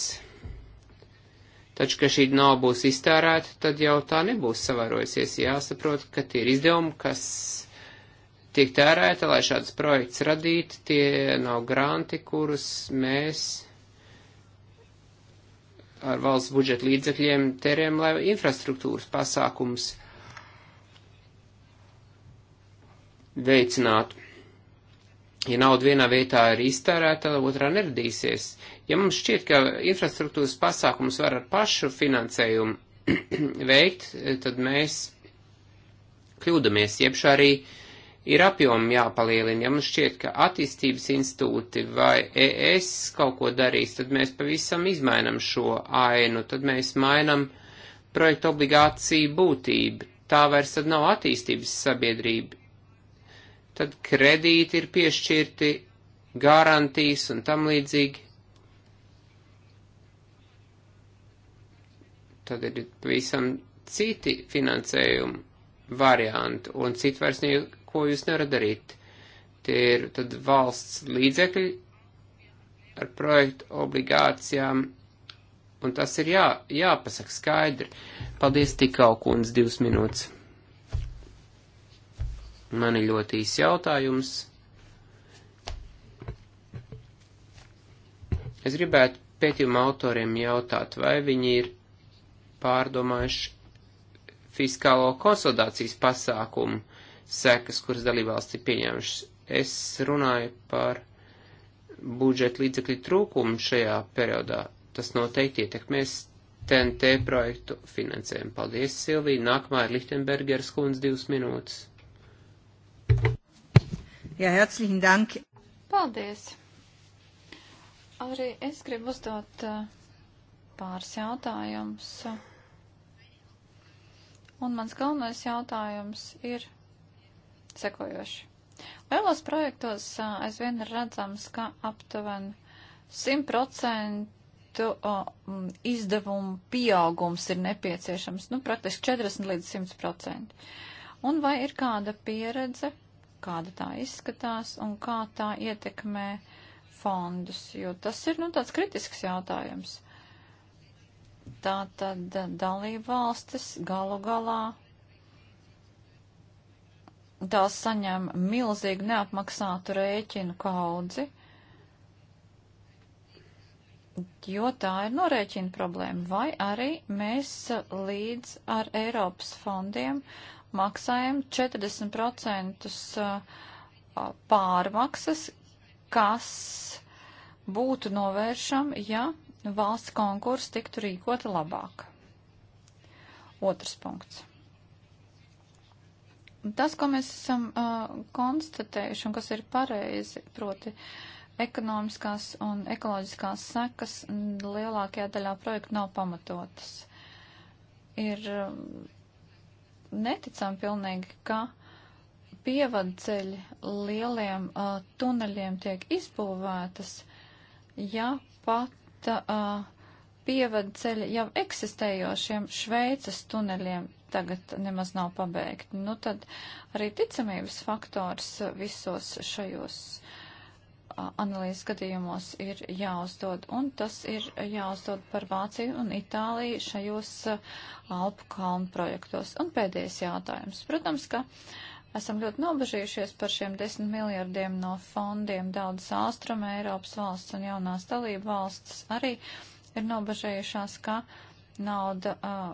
Taču, ka šī nauda būs iztērēta, tad jau tā nebūs savairojusies. Jāsaprot, ka tie ir izdevumi, kas tiek tērēta, lai šāds projekts radītu, tie nav granti, kurus mēs ar valsts budžeta līdzekļiem terēm, lai infrastruktūras pasākums veicinātu. Ja nauda vienā vietā ir iztērēta, tad otrā neradīsies. Ja mums šķiet, ka infrastruktūras pasākums var ar pašu finansējumu veikt, tad mēs kļūdamies, jeb šā arī ir apjomi jāpalielina. Ja mums šķiet, ka attīstības institūti vai ES kaut ko darīs, tad mēs pavisam izmainam šo ainu, tad mēs mainam projektu obligāciju būtību. Tā vairs tad nav attīstības sabiedrība tad kredīti ir piešķirti, garantijas un tam līdzīgi. Tad ir pavisam citi finansējumi varianti, un citu vairs neko jūs nevarat darīt. Tie ir tad valsts līdzekļi ar projektu obligācijām, un tas ir jā, jāpasaka skaidri. Paldies tikau, kundz, divas minūtes. Man ir ļoti īsts jautājums. Es gribētu pētījuma autoriem jautāt, vai viņi ir pārdomājuši fiskālo konsolidācijas pasākumu sekas, kuras dalībvalsts ir pieņēmušas. Es runāju par budžeta līdzekļu trūkumu šajā periodā. Tas noteikti ietekmēs TNT projektu finansējumu. Paldies, Silvija. Nākamā ir Lichtenbergeras kundze divas minūtes. Jā, ja, herzlichen dank. Paldies. Arī es gribu uzdot uh, pāris jautājumus. Un mans galvenais jautājums ir sekojoši. Lielos projektos uh, aizvien ir redzams, ka aptuveni 100% izdevumu pieaugums ir nepieciešams, nu, praktiski 40 līdz 100%. Un vai ir kāda pieredze kāda tā izskatās un kā tā ietekmē fondus, jo tas ir, nu, tāds kritisks jautājums. Tā tad dalība valstis galu galā tās saņem milzīgu neapmaksātu rēķinu kaudzi, jo tā ir norēķina problēma. Vai arī mēs līdz ar Eiropas fondiem maksājam 40% uh, pārmaksas, kas būtu novēršam, ja valsts konkurss tiktu rīkota labāk. Otrs punkts. Tas, ko mēs esam uh, konstatējuši un kas ir pareizi, proti ekonomiskās un ekoloģiskās sekas lielākajā daļā projektu nav pamatotas. Ir uh, neticam pilnīgi, ka pievadceļi lieliem uh, tuneļiem tiek izbūvētas, ja pat uh, pievadceļi jau eksistējošiem Šveices tuneļiem tagad nemaz nav pabeigti. Nu tad arī ticamības faktors visos šajos uh, analīzes gadījumos ir jāuzdod, un tas ir jāuzdod par Vāciju un Itāliju šajos uh, Alpu kalnu projektos. Un pēdējais jautājums. Protams, ka esam ļoti nobežījušies par šiem desmit miljardiem no fondiem. Daudz Austruma Eiropas valsts un jaunās dalību valsts arī ir nobežējušās, ka nauda uh,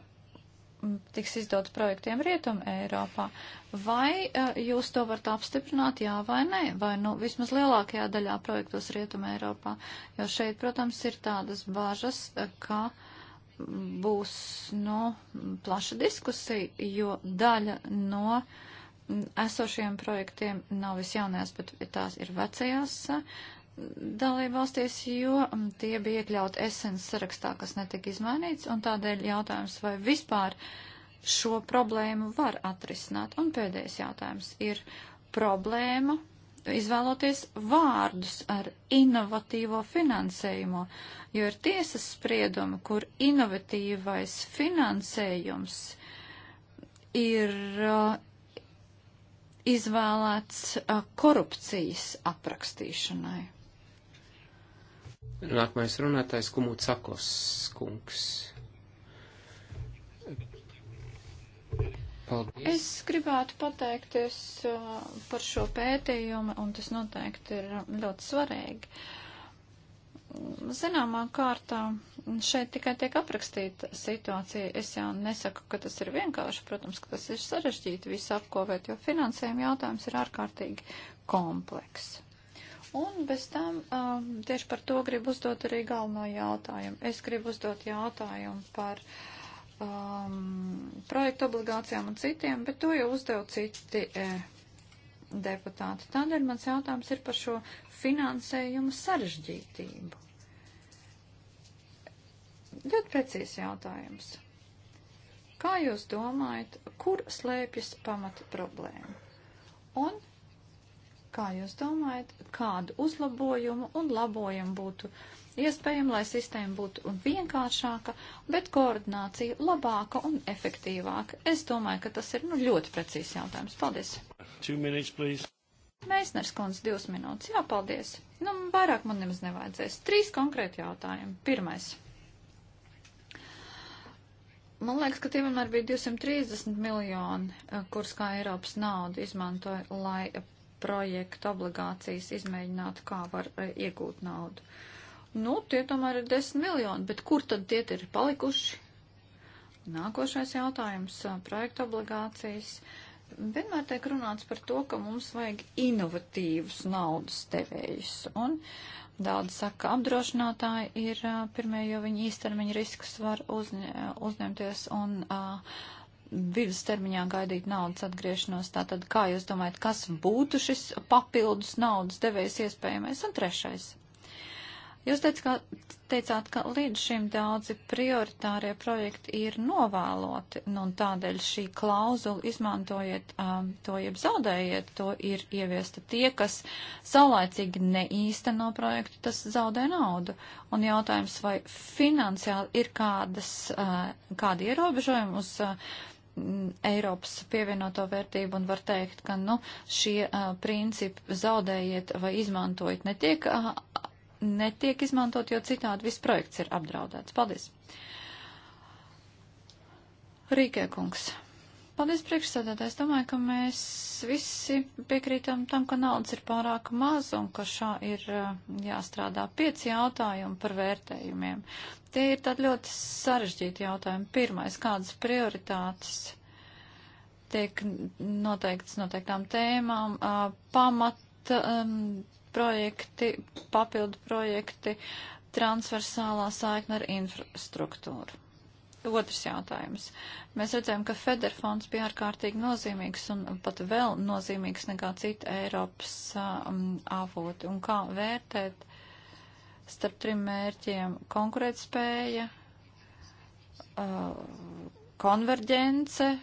tiks izdots projektiem Rietuma Eiropā. Vai uh, jūs to varat apstiprināt, jā vai nē, vai nu vismaz lielākajā daļā projektos Rietuma Eiropā? Jo šeit, protams, ir tādas bažas, e, ka būs nu, plaša diskusija, jo daļa no esošajiem projektiem nav visjaunajās, bet tās ir vecajās. Uh, dalībvalstīs, jo mm, tie bija iekļauti esens sarakstā, kas netika izmainīts, un tādēļ jautājums, vai vispār šo problēmu var atrisināt. Un pēdējais jautājums ir problēma izvēloties vārdus ar inovatīvo finansējumu, jo ir tiesas spriedumi, kur inovatīvais finansējums ir uh, izvēlēts uh, korupcijas aprakstīšanai. Nākamais runātājs Kumucakos kungs. Paldies. Es gribētu pateikties uh, par šo pētījumu, un tas noteikti ir ļoti svarīgi. Zināmā kārtā šeit tikai tiek aprakstīta situācija. Es jau nesaku, ka tas ir vienkārši, protams, ka tas ir sarežģīti visu apkovēt, jo finansējuma jautājums ir ārkārtīgi komplekss. Un bez tam um, tieši par to gribu uzdot arī galveno jautājumu. Es gribu uzdot jautājumu par um, projektu obligācijām un citiem, bet to jau uzdev citi eh, deputāti. Tādēļ mans jautājums ir par šo finansējumu sarežģītību. Ļoti precīzi jautājums. Kā jūs domājat, kur slēpjas pamata problēma? Un Kā jūs domājat, kādu uzlabojumu un labojumu būtu iespējami, lai sistēma būtu vienkāršāka, bet koordinācija labāka un efektīvāka? Es domāju, ka tas ir nu, ļoti precīzs jautājums. Paldies! Minutes, Meisners kundze, divas minūtes. Jā, paldies. Nu, vairāk man nemaz nevajadzēs. Trīs konkrēti jautājumi. Pirmais man liekas, ka tie vienmēr bija 230 miljoni, eh, kurus kā Eiropas naudu izmantoja, lai projektu obligācijas izmēģināt, kā var e, iegūt naudu. Nu, tie tomēr ir desmit miljoni, bet kur tad tie ir palikuši? Nākošais jautājums e, - projekta obligācijas. Vienmēr tiek runāts par to, ka mums vajag inovatīvus naudas devējus. Un daudz saka, apdrošinātāji ir e, pirmie, jo viņi īstermiņa riskus var uzņ uzņemties un uh, vidustermiņā gaidīt naudas atgriešanos. Tātad, kā jūs domājat, kas būtu šis papildus naudas devējs iespējamais? Un trešais. Jūs teic, ka, teicāt, ka līdz šim daudzi prioritārie projekti ir novēloti, nu, un tādēļ šī klauzula izmantojiet um, to, jeb zaudējiet, to ir ieviesta tie, kas saulaicīgi neīsteno projektu, tas zaudē naudu. Un jautājums, vai finansiāli ir kādas, uh, kādi ierobežojumi uz uh, Eiropas pievienoto vērtību un var teikt, ka nu, šie uh, principi zaudējiet vai izmantojiet netiek, uh, netiek izmantot, jo citādi viss projekts ir apdraudēts. Paldies! Rīkē kungs. Paldies, priekšsēdētājs. Domāju, ka mēs visi piekrītam tam, ka naudas ir pārāk maz un ka šā ir eh, jāstrādā pieci jautājumi par vērtējumiem. Tie ir tādi ļoti sarežģīti jautājumi. Pirmais, kādas prioritātes tiek noteikts noteiktām tēmām, pamat um, projekti, papildu projekti, transversālā saikna ar infrastruktūru otrs jautājums. Mēs redzējām, ka Federfonds bija ārkārtīgi nozīmīgs un pat vēl nozīmīgs nekā cita Eiropas um, avoti. Un kā vērtēt starp trim mērķiem konkurētspēja, uh, konverģence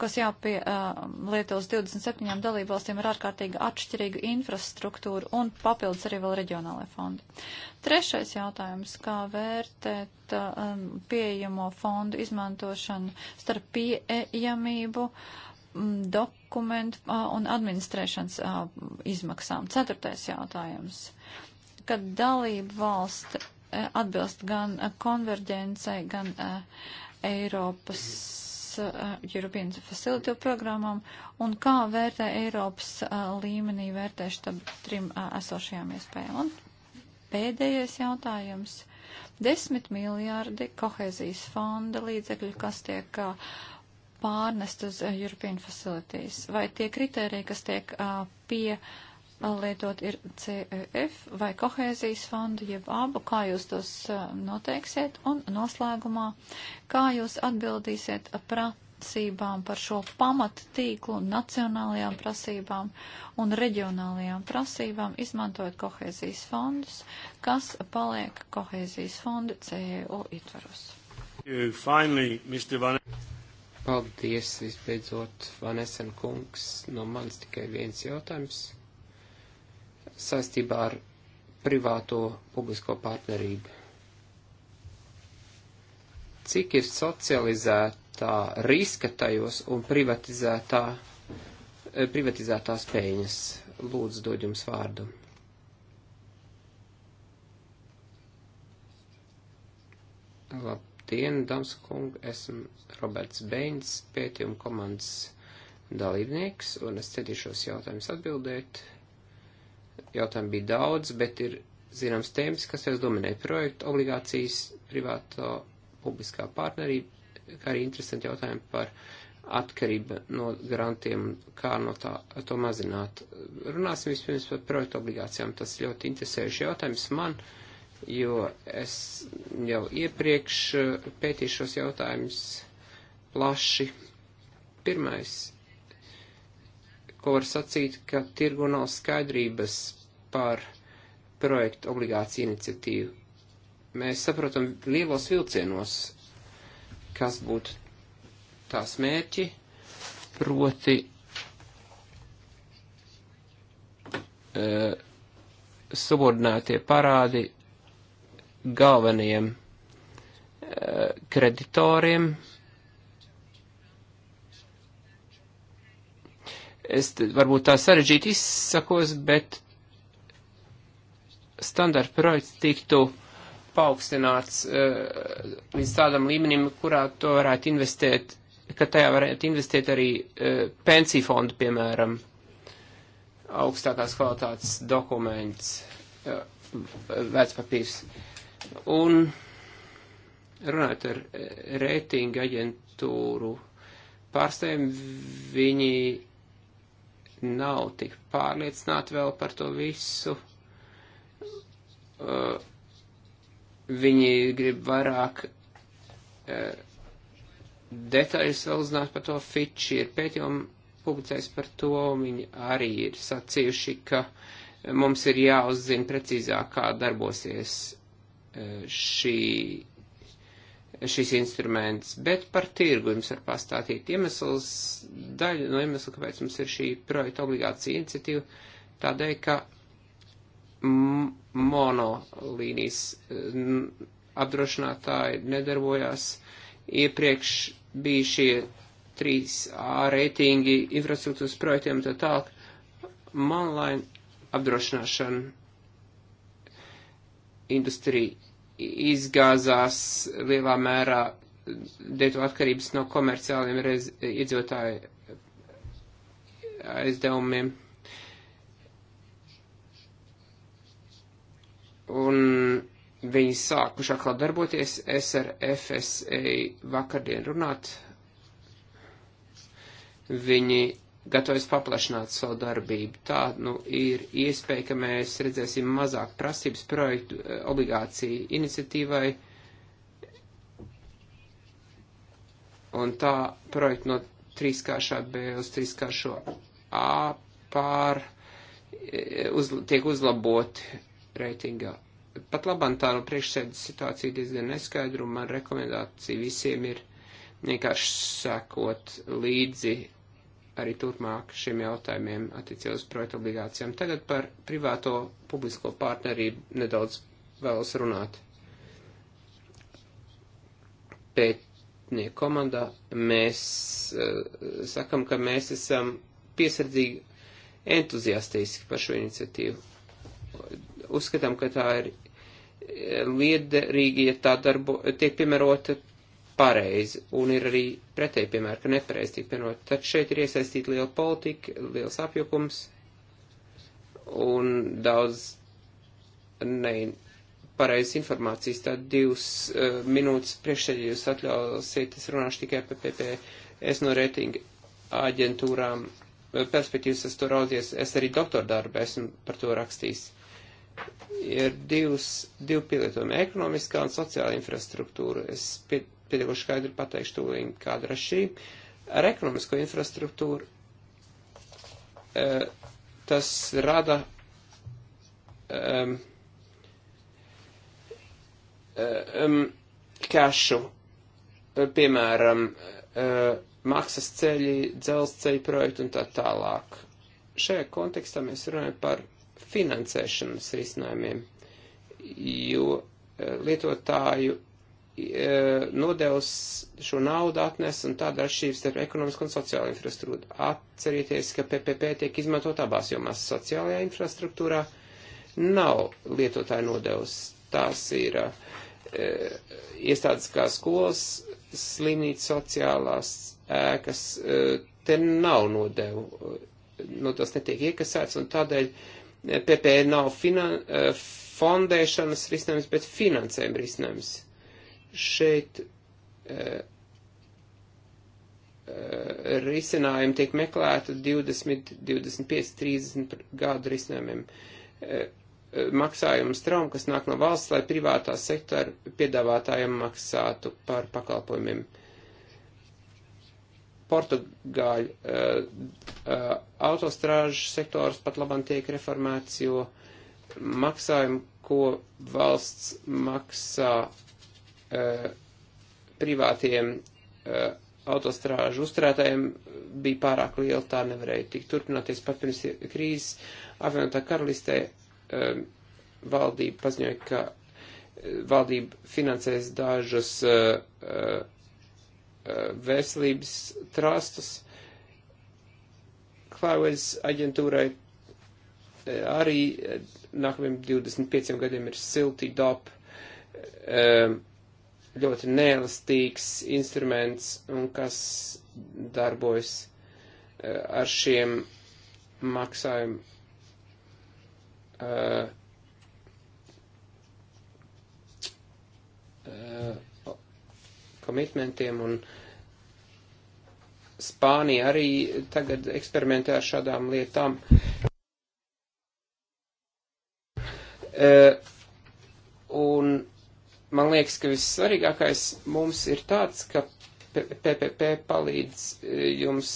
kas jāpielieto uz 27 dalībvalstīm ar ārkārtīgi atšķirīgu infrastruktūru un papildus arī vēl reģionālai fondi. Trešais jautājums - kā vērtēt um, pieejamo fondu izmantošanu starp pieejamību, dokumentu un administrēšanas izmaksām? Ceturtais jautājums - kad dalība valsts atbilst gan konverģencei, gan Eiropas uh, European Facility programmam un kā vērtē Eiropas uh, līmenī vērtēšu tam trim uh, esošajām iespējām. Un pēdējais jautājums. Desmit miljārdi kohēzijas fonda līdzekļu, kas tiek uh, pārnest uz uh, European Facilities. Vai tie kriteriji, kas tiek uh, pie uh, lietot ir CEF vai kohēzijas fondu, jeb abu, kā jūs tos noteiksiet, un noslēgumā, kā jūs atbildīsiet prasībām par šo pamattīklu nacionālajām prasībām un reģionālajām prasībām, izmantojot kohēzijas fondus, kas paliek kohēzijas fonda CEO ietvaros. Finally, Mr. Van... Paldies, visbeidzot, Vanesen kungs. No manis tikai viens jautājums saistībā ar privāto publisko partnerību. Cik ir socializētā riska tajos un privatizētā, eh, privatizētās peļņas? Lūdzu, dod jums vārdu. Labdien, dāmas un kungi, esmu Roberts Beins, pētījuma komandas dalībnieks, un es centīšos jautājumus atbildēt jautājumu bija daudz, bet ir zināms tēmas, kas jau dominē projektu, obligācijas, privāto publiskā partnerība, kā arī interesanti jautājumi par atkarību no grantiem, kā no tā to mazināt. Runāsim vispirms par projektu obligācijām, tas ļoti interesējuši jautājums man, jo es jau iepriekš uh, pētīju šos jautājumus plaši. Pirmais, ko var sacīt, ka tirgu nav skaidrības par projektu obligāciju iniciatīvu. Mēs saprotam lielos vilcienos, kas būtu tās mērķi, proti e, subordinātie parādi galvenajiem e, kreditoriem. Es varbūt tā sarežģīti izsakos, bet standarta projekts tiktu paaugstināts uh, līdz tādam līmenim, kurā to varētu investēt, ka tajā varētu investēt arī uh, pensiju fondu, piemēram, augstākās kvalitātes dokuments, uh, vecpapīrs. Un runājot ar reitingu aģentūru pārstāvjiem, viņi nav tik pārliecināti vēl par to visu Uh, viņi grib vairāk uh, detaļas vēl uzzināt par to. Fitch ir pētījumi publicējis par to, viņi arī ir sacījuši, ka mums ir jāuzzina precīzāk, kā darbosies uh, šī šis instruments, bet par tirgu jums var pastāstīt iemesls, daļa no iemesla, kāpēc mums ir šī projekta obligācija iniciatīva, tādēļ, ka monolīnijas apdrošinātāji nedarbojās. Iepriekš bija šie 3A reitingi infrastruktūras projektiem un tā tālāk. Monolīna apdrošināšana industrija izgāzās lielā mērā dēļ atkarības no komerciāliem iedzīvotāju aizdevumiem. un viņi sākuši atkal darboties. Es ar FSA vakardien runāt. Viņi gatavojas paplašināt savu darbību. Tā nu ir iespēja, ka mēs redzēsim mazāk prasības projektu eh, obligāciju iniciatīvai. Un tā projekta no trīskāršā B uz trīskāršo A pār eh, uz, tiek uzlaboti reitingā. Pat labantāru priekšsēdes situācija diezgan neskaidra, un man rekomendācija visiem ir vienkārši sekot līdzi arī turpmāk šiem jautājumiem attiecībā uz projektu obligācijām. Tagad par privāto publisko partnerību nedaudz vēlos runāt. Pētnieku komandā mēs uh, sakam, ka mēs esam piesardzīgi entuziastiski par šo iniciatīvu uzskatām, ka tā ir eh, liederīgi, ja tā darbo, tiek piemērota pareizi, un ir arī pretēji piemēra, ka nepareizi tiek piemērota. Tad šeit ir iesaistīta liela politika, liels apjukums un daudz ne, pareizas informācijas. Tad divas uh, minūtes priekšēļ jūs atļausiet, es runāšu tikai par PP. Es no reitinga aģentūrām eh, perspektīvas es to raudzies. Es arī doktora darbu esmu par to rakstījis ir divas, divi pielietojumi - ekonomiskā un sociāla infrastruktūra. Es pietiekami skaidri pateikšu tūlīt, kāda ir šī. Ar ekonomisko infrastruktūru e, tas rada um, um, kašu, e, piemēram, uh, maksas ceļi, dzelzceļa projektu un tā tālāk. Šajā kontekstā mēs runājam par finansēšanas risinājumiem, jo e, lietotāju e, nodevs šo naudu atnes un tāda atšķirības starp ekonomisko un sociālo infrastruktūru. Atcerieties, ka PPP tiek izmantot abās jomās. Sociālajā infrastruktūrā nav lietotāju nodevs. Tās ir e, iestādes kā skolas, slimnīca, sociālās ēkas. E, te nav nodevu. E, no tās netiek iekasēts un tādēļ e, PPE nav finan, eh, fondēšanas risinājums, bet finansējuma risinājums. Šeit eh, eh, risinājumi tiek meklēti 20, 25, 30 gadu risinājumiem. Maksājumu straumu, kas nāk no valsts, lai privātā sektora piedāvātājiem maksātu par pakalpojumiem. Uh, Portugāļu uh, uh, autostrāžu sektors pat labam tiek reformēts, jo maksājumi, ko valsts maksā uh, privātiem uh, autostrāžu uzturētājiem, bija pārāk liela, tā nevarēja tik turpināties pat pirms krīzes. Apvienotā karalistē uh, valdība paziņoja, ka valdība finansēs dažus uh, uh, Uh, veselības trastus. Klāvais aģentūrai uh, arī uh, nākamajiem 25 gadiem ir silti dop, um, ļoti neelastīgs instruments un kas darbojas ar šiem maksājumu uh, uh, komitmentiem, un Spānija arī tagad eksperimentē ar šādām lietām. E, un man liekas, ka vissvarīgākais mums ir tāds, ka PPP palīdz e, jums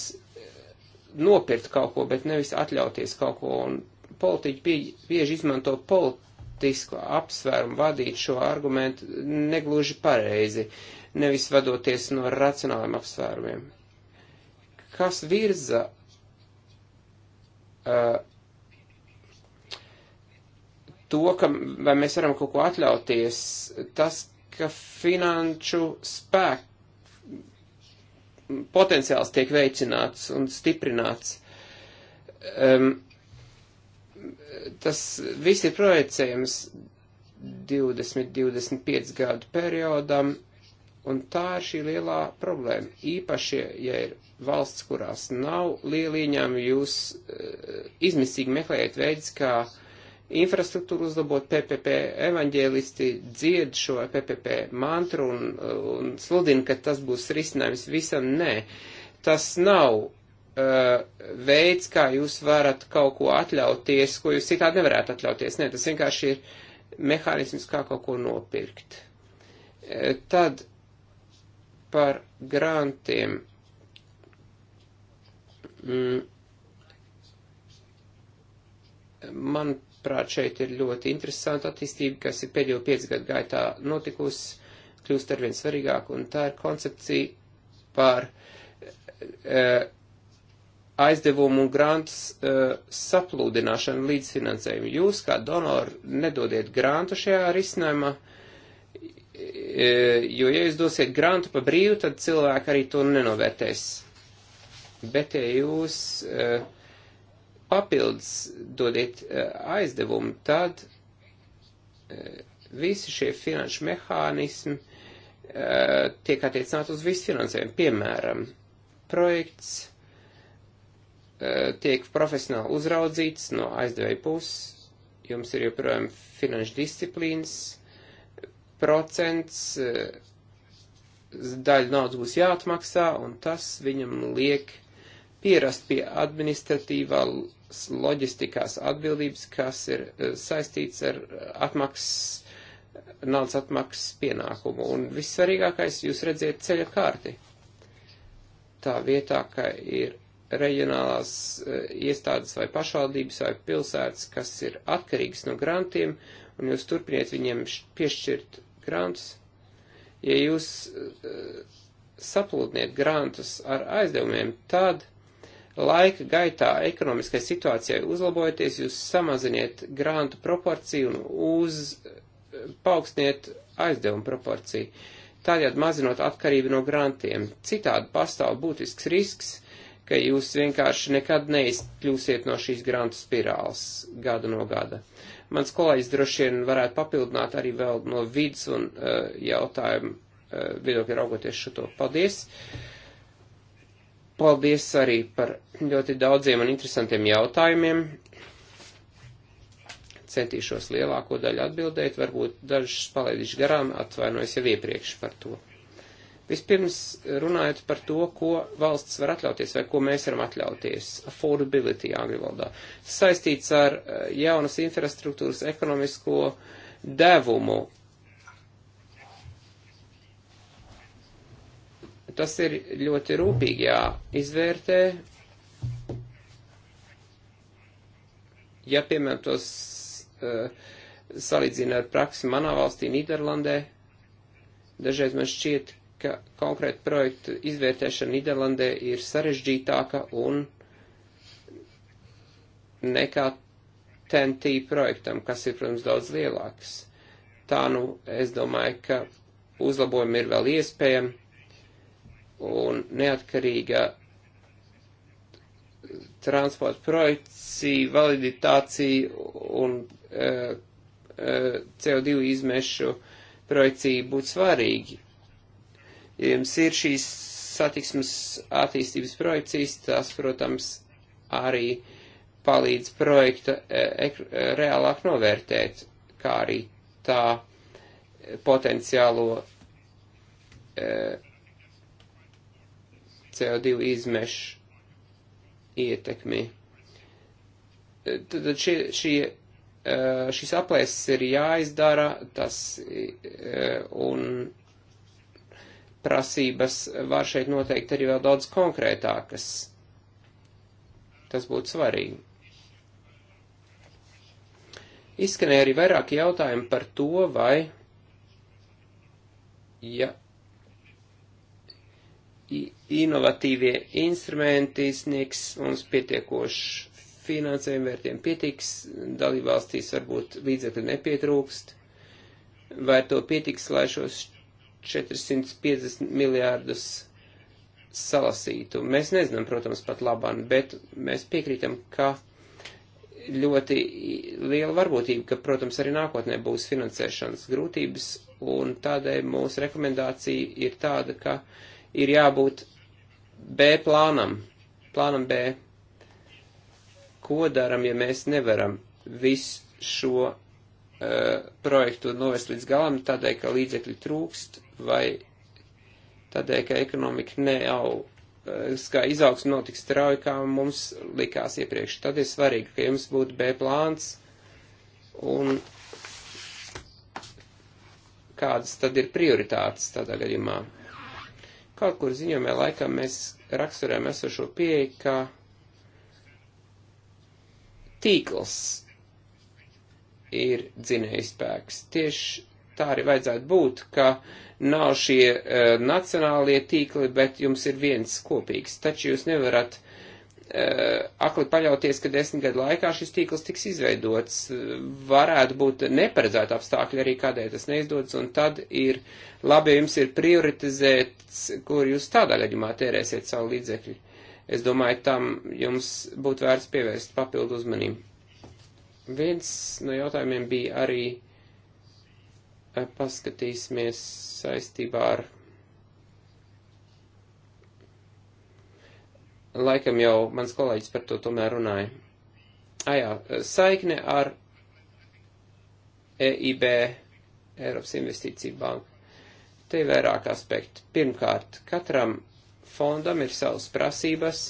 nopirkt kaut ko, bet nevis atļauties kaut ko, un politiķi bieži izmanto politiku politisku apsvērumu vadīt šo argumentu negluži pareizi. Uh, nevis vadoties no racionāliem apsvērumiem. Kas virza uh, to, ka vai mēs varam kaut ko atļauties, tas, ka finanšu spēku potenciāls tiek veicināts un stiprināts. Um, tas viss ir projicējams 20-25 gadu periodam, Un tā ir šī lielā problēma. Īpaši, ja ir valsts, kurās nav lielīņām, jūs uh, izmisīgi meklējat veids, kā infrastruktūru uzlabot PPP. Evaņģēlisti dzied šo PPP mantru un, un sludina, ka tas būs risinājums visam. Nē, tas nav uh, veids, kā jūs varat kaut ko atļauties, ko jūs citādi nevarētu atļauties. Nē, tas vienkārši ir mehānisms, kā kaut ko nopirkt. Uh, tad par grantiem. Mm. Manuprāt, šeit ir ļoti interesanta attīstība, kas ir pēdējo piecu gadu gaitā notikusi, kļūst arvien svarīgāk, un tā ir koncepcija par e, aizdevumu un grantus e, saplūdināšanu līdzfinansējumu. Jūs, kā donori, nedodiet grantu šajā risinājumā. E, E, jo, ja jūs dosiet grantu pa brīvu, tad cilvēki arī to nenovērtēs. Bet, ja jūs e, papildus dodiet e, aizdevumu, tad visi šie finanšu mehānismi tiek attiecināti uz visu finansējumu. Piemēram, projekts tiek profesionāli uzraudzīts no aizdevēja puses, jums ir joprojām finanšu disciplīnas, procents eh, daļa naudas būs jāatmaksā, un tas viņam liek pierast pie administratīvās loģistikās atbildības, kas ir eh, saistīts ar atmaksas, naudas atmaksas pienākumu. Un vissvarīgākais jūs redziet ceļa kārti. Tā vietā, ka ir reģionālās eh, iestādes vai pašvaldības vai pilsētas, kas ir atkarīgas no grantiem, un jūs turpiniet viņiem piešķirt grāmatas. Ja jūs eh, saplūdniet grāmatas ar aizdevumiem, tad laika gaitā ekonomiskai situācijai uzlabojoties, jūs samaziniet grāmatu proporciju un uz eh, paaugstniet aizdevumu proporciju. Tādējādi mazinot atkarību no grantiem. Citādi pastāv būtisks risks, ka jūs vienkārši nekad neizkļūsiet no šīs grantu spirāls gada no gada. Mans kolēģis droši vien varētu papildināt arī vēl no vidas un uh, jautājumu uh, viedokļa raugoties šo. Paldies! Paldies arī par ļoti daudziem un interesantiem jautājumiem. Centīšos lielāko daļu atbildēt, varbūt dažus palaidīšu garām, atvainojos jau iepriekš par to. Vispirms runājot par to, ko valsts var atļauties vai ko mēs varam atļauties, affordability angļuvaldā, saistīts ar eh, jaunas infrastruktūras ekonomisko devumu. Tas ir ļoti rūpīgi jāizvērtē. Ja, piemēram, tos uh, salīdzina ar praksi manā valstī, Nīderlandē, dažreiz man šķiet, ka konkrēta projekta izvērtēšana Nīderlandē ir sarežģītāka un nekā TNT projektam, kas ir, protams, daudz lielāks. Tā nu, es domāju, ka uzlabojumi ir vēl iespējami un neatkarīga transporta projekcija, validitācija un e, eh, e, eh, CO2 izmešu projekcija būtu svarīgi. Jums ir šīs satiksmes attīstības projekcijas, tās, protams, arī palīdz projekta e, e, reālāk novērtēt, kā arī tā potenciālo e, CO2 izmešu ietekmi. E, tad šie, šie, e, šis aplēses ir jāizdara, tas e, un prasības var šeit noteikt arī vēl daudz konkrētākas. Tas būtu svarīgi. Izskanēja arī vairāki jautājumi par to, vai, ja inovatīvie instrumenti sniegs mums pietiekoši finansējumu vērtiem pietiks, dalībvalstīs varbūt līdzekļu nepietrūkst, vai to pietiks, lai šos 450 miljārdus salasītu. Mēs nezinām, protams, pat labāk, bet mēs piekrītam, ka ļoti liela varbūtība, ka, protams, arī nākotnē būs finansēšanas grūtības, un tādēļ mūsu rekomendācija ir tāda, ka ir jābūt B plānam, plānam B. Ko daram, ja mēs nevaram visu šo uh, projektu novest līdz galam, tādēļ, ka līdzekļi trūkst vai tādēļ, ka ekonomika neau, kā izaugsme nav tik strauja, kā mums likās iepriekš. Tad ir svarīgi, ka jums būtu B plāns un kādas tad ir prioritātes tādā gadījumā. Kaut kur ziņojumā laikā mēs raksturējam esošo pieeju, ka tīkls ir dzinējspēks. Tieši tā arī vajadzētu būt, ka nav šie uh, nacionālie tīkli, bet jums ir viens kopīgs. Taču jūs nevarat uh, akli paļauties, ka desmit gadu laikā šis tīkls tiks izveidots. Varētu būt neparedzēta apstākļi arī, kādēļ tas neizdodas, un tad ir labi, ja jums ir prioritizēts, kur jūs tādā gadījumā tērēsiet savu līdzekļu. Es domāju, tam jums būtu vērts pievērst papildu uzmanību. Viens no jautājumiem bija arī paskatīsimies saistībā ar. Laikam jau mans kolēģis par to tomēr runāja. Ajā, saikne ar EIB, Eiropas Investīcija Banka. Te ir vairāk aspekti. Pirmkārt, katram fondam ir savas prasības,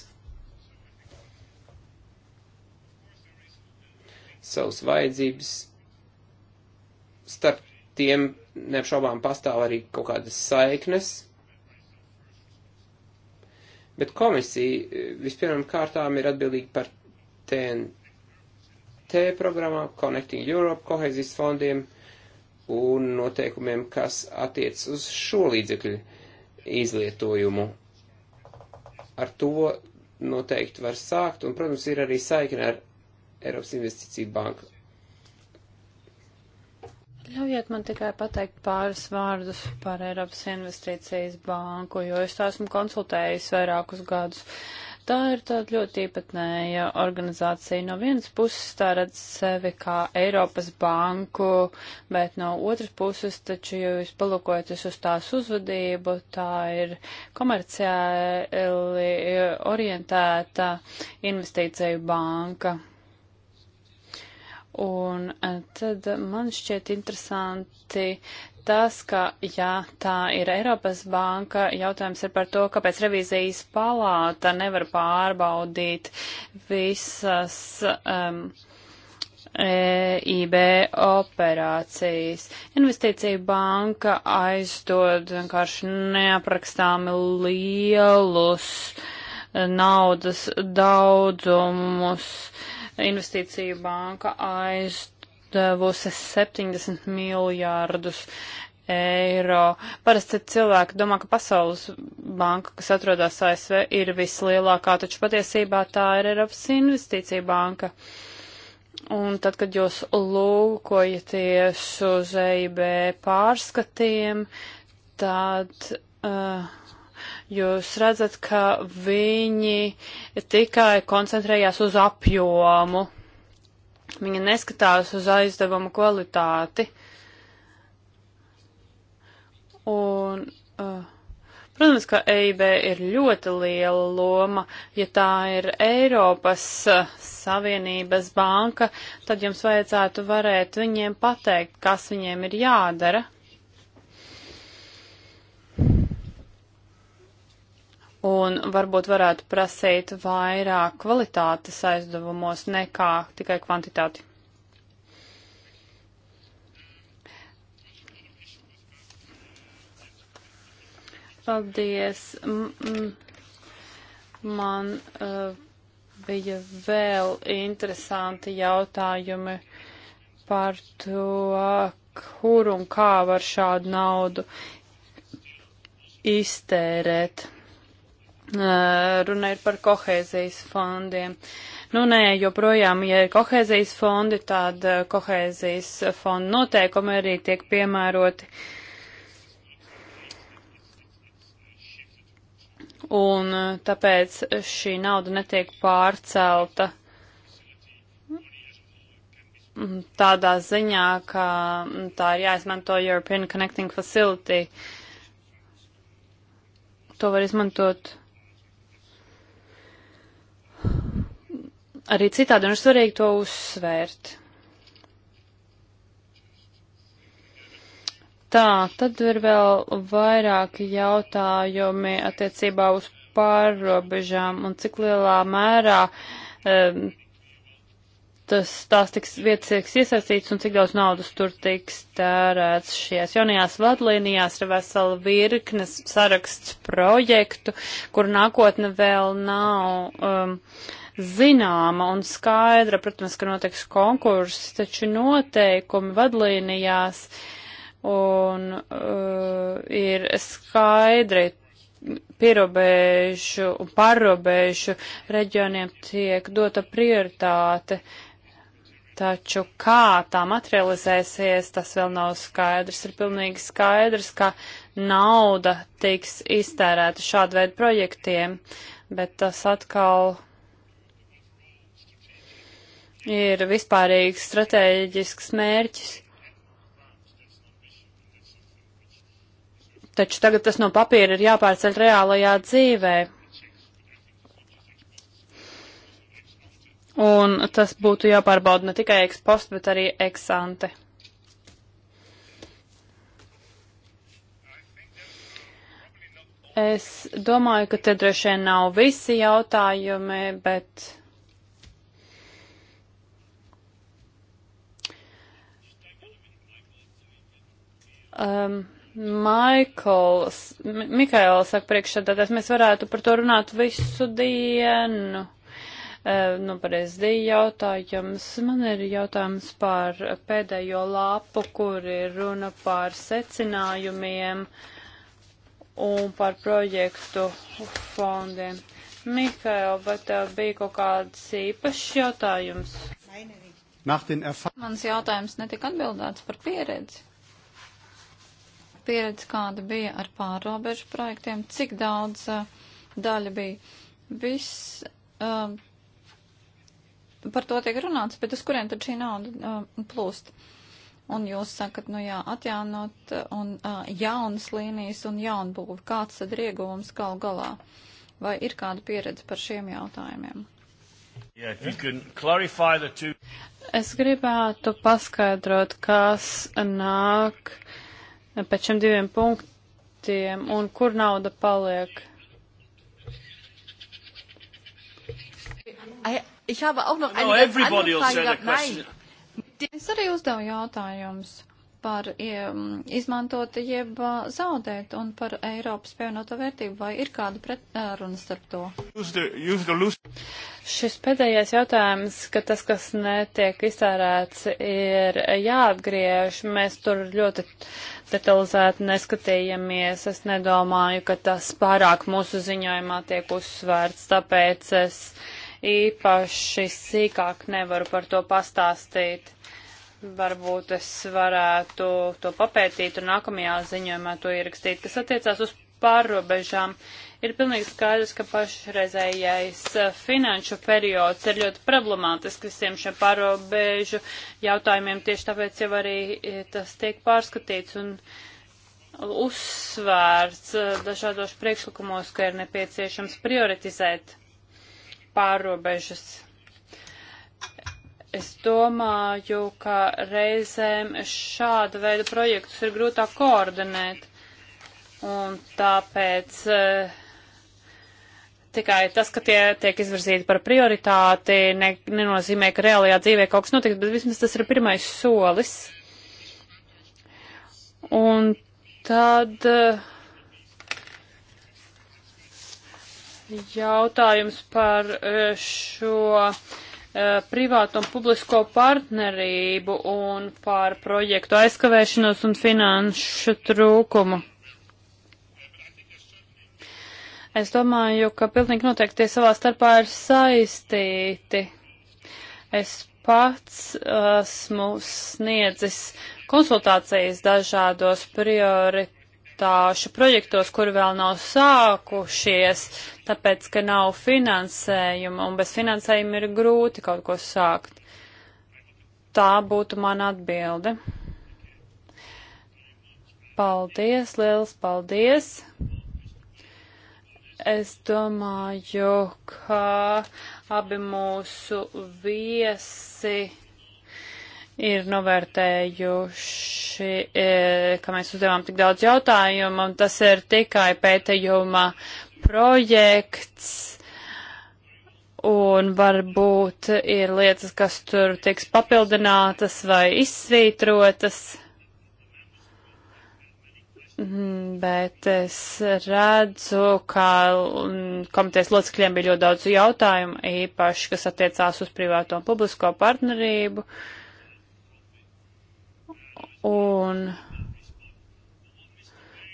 savas vajadzības starp tiem neapšaubām pastāv arī kaut kādas saiknes. Bet komisija e, vispirmām kārtām ir atbildīga par TNT programmām, Connecting Europe, kohēzijas fondiem un noteikumiem, kas attiec uz šo līdzekļu izlietojumu. Ar to noteikti var sākt, un, protams, ir arī saikne ar Eiropas Investīciju banku Ļaujiet man tikai pateikt pāris vārdus par Eiropas investīcijas banku, jo es esmu konsultējis vairākus gadus. Tā ir tāda ļoti īpatnēja organizācija. No vienas puses tā redz sevi kā Eiropas banku, bet no otras puses, taču, ja jūs palūkojaties uz tās uzvadību, tā ir komerciāli orientēta investīciju banka Un e, tad man šķiet interesanti tas, ka, ja tā ir Eiropas banka, jautājums ir par to, kāpēc revīzijas palāta nevar pārbaudīt visas um, EIB operācijas. Investīcija banka aizdod vienkārši neaprakstāmi lielus e, naudas daudzumus. Uh, investīciju banka aizdevusi 70 miljārdus eiro. Parasti cilvēki domā, ka Pasaules banka, kas atrodas ASV, ir vislielākā, taču patiesībā tā ir Eiropas investīcija banka. Un tad, kad jūs lūkojaties uz EIB pārskatiem, tad. Uh, Jūs redzat, ka viņi tikai koncentrējās uz apjomu. Viņi neskatās uz aizdevumu kvalitāti. Un, uh, protams, ka EIB ir ļoti liela loma. Ja tā ir Eiropas uh, Savienības banka, tad jums vajadzētu varēt viņiem pateikt, kas viņiem ir jādara. un varbūt varētu prasīt vairāk kvalitātes aizdevumos nekā tikai kvantitāti. Paldies. Man uh, bija vēl interesanti jautājumi par to, kur un kā var šādu naudu iztērēt. Eh, runa ir par kohēzijas fondiem. Nu, nē, joprojām, ja ir kohēzijas fondi, tad eh, kohēzijas fonda noteikumi arī tiek piemēroti. Un eh, tāpēc šī nauda netiek pārcelta tādā ziņā, ka tā ir jāizmanto European Connecting Facility. To var izmantot arī citādi, un ir svarīgi to uzsvērt. Tā, tad ir vēl vairāki jautājumi attiecībā uz pārrobežām un cik lielā mērā um, tas, tās tiks vietas tiks iesaistīts un cik daudz naudas tur tiks tērēts šajās jaunajās vadlīnijās ir vesela virknes saraksts projektu, kur nākotne vēl nav. Um, uh, zināma un skaidra. Protams, ka notiks konkurss, taču noteikumi vadlīnijās un uh, ir skaidri pierobežu un pārobežu reģioniem tiek dota prioritāte. Taču kā tā materializēsies, tas vēl nav skaidrs. Ir pilnīgi skaidrs, ka nauda tiks iztērēta šādu veidu projektiem, bet tas atkal ir vispārīgs strateģisks mērķis. Taču tagad tas no papīra ir jāpārceļ reālajā dzīvē. Un tas būtu jāpārbauda ne tikai ekspost, bet arī eksante. Es domāju, ka te droši vien nav visi jautājumi, bet. Um, Maikls, Mikaela saka priekšsēdētājs, mēs varētu par to runāt visu dienu. Uh, nu, pareizi jautājums. Man ir jautājums par pēdējo lapu, kur ir runa par secinājumiem un par projektu fondiem. Mikaela, vai tev bija kaut kāds īpašs jautājums? Mans jautājums netika atbildēts par pieredzi pieredze, kāda bija ar pārobežu projektiem, cik daudz uh, daļa bija. Viss uh, par to tiek runāts, bet uz kuriem tad šī nauda uh, plūst? Un jūs sakat, nu jā, atjaunot un uh, jaunas līnijas un jaunbūvi. Kāds tad ir ieguvums gal galā? Vai ir kāda pieredze par šiem jautājumiem? Yeah, two... Es gribētu paskaidrot, kas nāk uh, pēc šiem diviem punktiem un kur nauda paliek? I, ich habe auch noch eine no, ganz andere Frage. Nein. Es arī uzdevu jautājumus par izmantot jeb zaudēt un par Eiropas pievienoto vērtību, vai ir kāda pretruna starp to? Use the, use the Šis pēdējais jautājums, ka tas, kas netiek iztērēts, ir jāatgriež, mēs tur ļoti detalizēti neskatījāmies. Es nedomāju, ka tas pārāk mūsu ziņojumā tiek uzsvērts, tāpēc es īpaši sīkāk nevaru par to pastāstīt Varbūt es varētu to papētīt un nākamajā ziņojumā to ierakstīt, kas attiecās uz pārrobežām. Ir pilnīgi skaidrs, ka pašreizējais eh, finanšu periods ir ļoti problemātisks visiem šiem pārrobežu jautājumiem, tieši tāpēc jau arī eh, tas tiek pārskatīts un uzsvērts eh, dažādos priekšlikumos, ka ir nepieciešams prioritizēt pārrobežas Es domāju, ka reizēm šāda veida projektus ir grūtāk koordinēt, un tāpēc uh, tikai tas, ka tie tiek izvirzīti par prioritāti, ne, nenozīmē, ka reālajā dzīvē kaut kas notiks, bet vismaz tas ir pirmais solis. Un tad eh, jautājums par eh, šo Uh, privātu un publisko partnerību un par projektu aizkavēšanos un finanšu trūkumu. Es domāju, ka pilnīgi noteikti tie savā starpā ir saistīti. Es pats esmu sniedzis konsultācijas dažādos prioritātes prioritāšu projektos, kur vēl nav sākušies, tāpēc, ka nav finansējuma, un bez finansējuma ir grūti kaut ko sākt. Tā būtu mana atbilde. Paldies, liels paldies! Es domāju, ka abi mūsu viesi ir novērtējuši, e, ka mēs uzdevām tik daudz jautājumu, un tas ir tikai pētījuma projekts, un varbūt ir lietas, kas tur tiks papildinātas vai izsvītrotas. Mm, bet es redzu, ka mm, komitejas locekļiem bija ļoti daudz jautājumu, īpaši, kas attiecās uz privāto un publisko partnerību. Uh, Un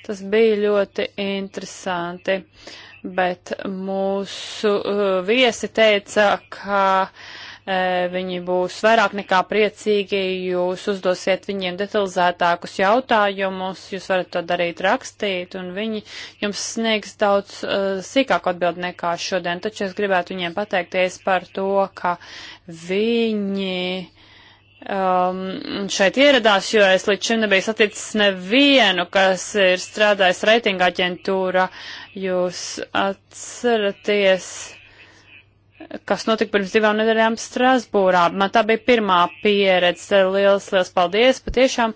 tas bija ļoti interesanti, bet mūsu uh, viesi teica, ka uh, viņi būs vairāk nekā priecīgi, jūs uzdosiet viņiem detalizētākus jautājumus, jūs varat to darīt rakstīt, un viņi jums sniegs daudz uh, sīkāku atbildi nekā šodien. Taču es gribētu viņiem pateikties par to, ka viņi uh, um, šeit ieradās, jo es līdz šim nebiju saticis nevienu, kas ir strādājis reitinga aģentūra. Jūs atceraties, kas notika pirms divām nedēļām Strasbūrā. Man tā bija pirmā pieredze. Liels, liels paldies patiešām.